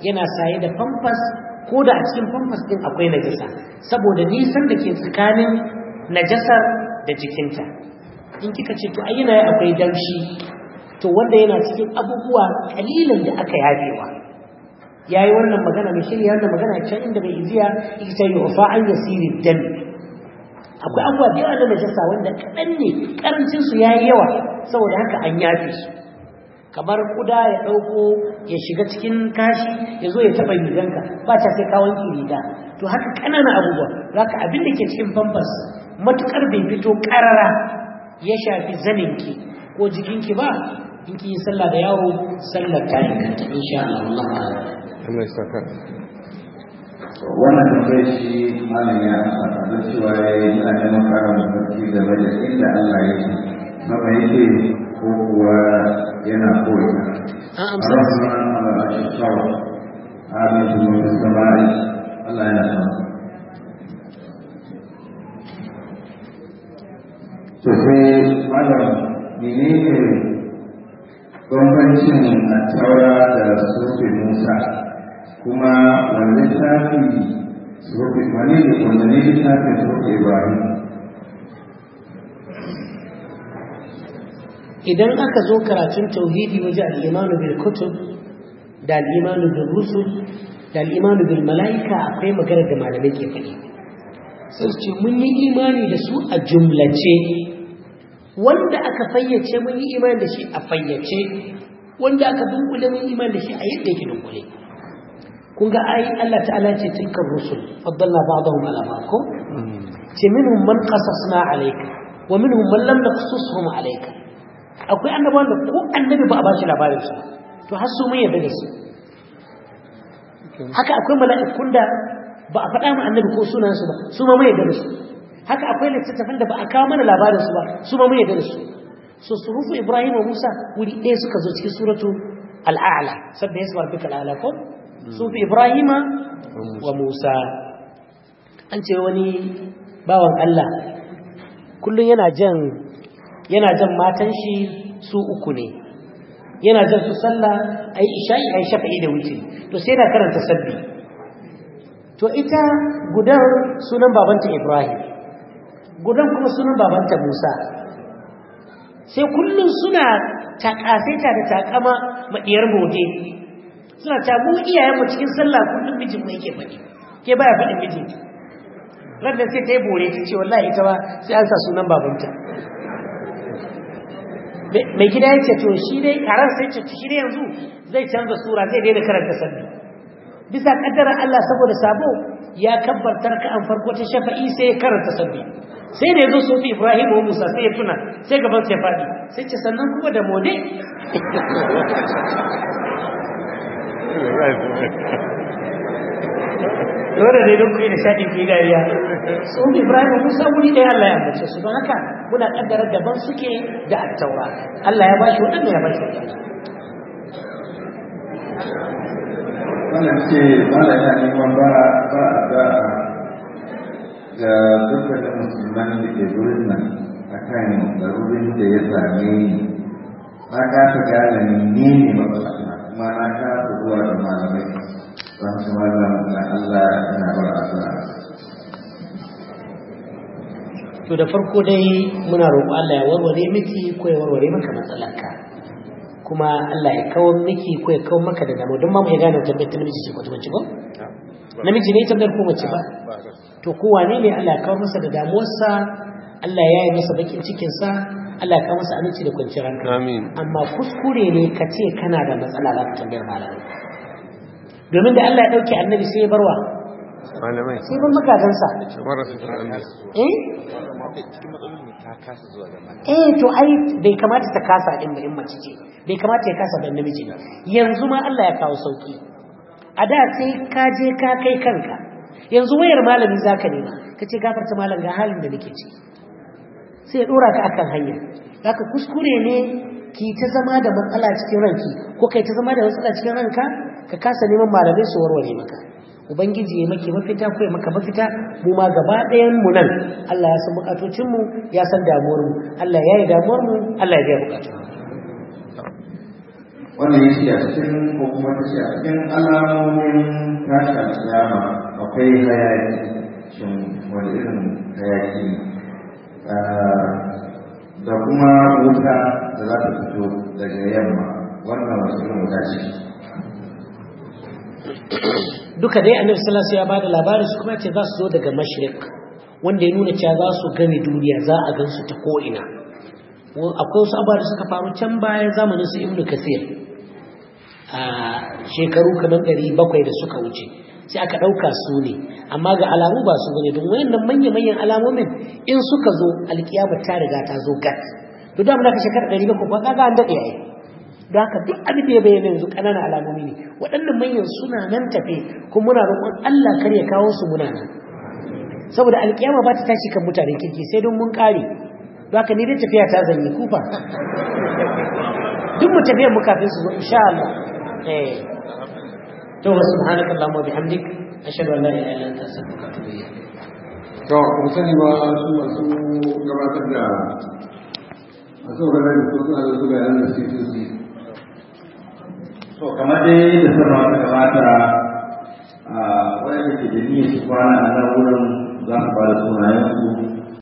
yana saye da famfas ko da a cikin famfas ɗin akwai najasa saboda nisan da ke tsakanin najasar da jikinta in kika ce to ai yana akwai damshi to wanda yana cikin abubuwa kalilan da aka yafewa ya yi wannan magana mai shirya wannan magana can inda bai iziya ita yi ofa an ya dan akwai abuwa da yawa da majalisa wanda kaɗan ne ƙarancinsu su ya yi yawa saboda haka an yafe su kamar kuda ya ɗauko ya shiga cikin kashi ya zo ya taɓa riganka ba ta sai kawon riga to haka ƙananan abubuwa za ka abin da ke cikin famfas matuƙar bai fito ƙarara ya shafi zaninki ko jikinki ba in kiyi sallah da yawo sallar ta yi insha Allah Allah ya saka wannan shi malam ya amsa cewa ya yi ina neman mafarki da inda Allah ya ce maka yake ko kuwa yana koyi a amsa Allah ya shi kawo amin shi samari Allah yana sama to sai malam menene bambancin a taura da sufi musa kuma wannan shafi surufi wani ne wanda ne shafin surufi ibrahim idan aka zo karatun tauhidi mu ji al'imanu bil kutub da al'imanu bil rusul da al'imanu bil mala'ika akwai magana da malamai ke faɗi sai ce mun yi imani da su a jumlace wanda aka fayyace mun yi imani da shi a fayyace wanda aka dunkule mun yi imani da shi a yadda yake dunkule kun ga ai Allah ta'ala ce tilkar rusul faddalla ba'dahum ala ba'd ko ce minhum man qasasna alayka wa minhum man lam naqsushum alayka akwai annabawan da ko annabi ba a ba shi labarin su to har su mun yadda da su haka akwai mala'ikun da ba a faɗa mu annabi ko sunan su ba su ma mun yadda da su haka akwai littattafan da ba a kawo mana labarin su ba su ma mun yadda da su so surufu ibrahim wa musa wuri ɗaya suka zo cikin suratu al'ala sabbi yasma rabbika al'ala ko Mm. fi ibrahima mm. wa musa an ce wani bawan allah kullum yana jan matan shi su uku ne yana jan su sallah ai isha'i ai shafa'i da wuce to sai na karanta sabbi to ita gudan sunan babanta ibrahim gudan kuma sunan babanta musa sai kullum suna ta da takama maɗiyar bode suna tabu iyayen mu cikin sallah kullum mijin mu yake faɗi ke baya faɗin mijin ranar sai ta yi bore ta ce wallahi ita ba sai an sa sunan babanta mai gida ya ce to shi dai karan sai ce shi dai yanzu zai canza sura zai daina karanta sallah bisa kaddara Allah saboda sabo ya kabbartar ka an farko ta shafa'i sai ya karanta sallah sai da yanzu su bi Ibrahim wa Musa sai ya tuna sai gaban sai fadi sai ce sannan kuma da mode [LAUGHS] [LAUGHS] dole ne don kuyi nishaɗi kuyi dariya su ibrahim musa wuri ɗaya allah ya ambace su don haka muna ƙaddara daban suke da attaura allah ya bashi waɗanda ya bashi waɗanda wannan ce bala ya neman ba ba da ga dukkanin musulman da ke gurin nan a garurin da ya same ni ba ka ta gane ne ne ba wannan na Allah yana mana to da farko dai muna roƙo Allah ya warware miki ko ya warware maka matsalarka kuma Allah ya kawo miki ko ya kawo maka da damu don ma mai gane tabbai ta namiji ce ko ta mace ba namiji ne tabbar ko mace ba to ko wane ne Allah ya kawo masa da damuwarsa Allah ya yi masa bakin cikinsa Allah ya kawo masa aminci da kwanciyar hankali amma kuskure ne ka ce kana da matsala za ka tambayar malamai domin da Allah ya dauke annabi sai ya barwa malamai sai ban makadansa eh eh to ai bai kamata ta kasa din ba mace ce bai kamata ya kasa dan namiji ne yanzu ma Allah ya kawo sauki a da sai ka je ka kai kanka yanzu wayar malami zaka nema kace gafarta malam ga halin da nake ci sai ya dora ka akan hanya zaka kuskure ne ki ta zama da matsala cikin ranki ko kai ta zama da matsala cikin ranka ka kasa neman malamai su warware maka ubangiji ya maka mafita ko ya maka mafita mu ma gaba ɗayan mu nan Allah ya san bukatocin mu ya san damuwar mu Allah ya yi damuwar mu Allah ya biya bukatun wannan yake a cikin ko kuma ta ce a cikin alamomin tashin kiyama akwai hayaki shin wani irin hayaki ah, da kuma wuta da za ta fito daga yamma wannan wasu irin wuta ce duka dai annabi sallallahu alaihi wasallam ya bada labarin su kuma ce za su zo daga mashrik. wanda ya nuna cewa za su gani duniya za a gan su ta ko ina akwai wasu abubuwa da suka faru can baya zamanin su ibnu kasir a shekaru kamar ɗari bakwai da suka wuce sai aka ɗauka su ne amma ga alamu ba su bane don wayannan manya-manyan alamomin in suka zo alkiyama ta riga ta zo gat to da mu ka shekaru ɗari bakwai ba ga an daɗe yayi don haka duk abin da ya bayyana yanzu ƙananan alamomi ne waɗannan manyan suna nan tafe kuma muna roƙon Allah kar ya kawo su muna nan saboda alƙiyama ba ta tashi kan mutanen kirki sai don mun kare don haka ni dai tafiya ta zanyi kufa duk mu tafiya mu kafin su zo insha Allah eh to subhanakallahumma wa bihamdik ashhadu an la ilaha illa anta astaghfiruka wa atubu ilayk to kun sani ba su masu gabatar da masu gabatar da su suna da su bayanan da su to kamar dai da sanarwa ta gabata a ah, wayar da ke da niyyar kwana a nan wurin za su ba da sunayensu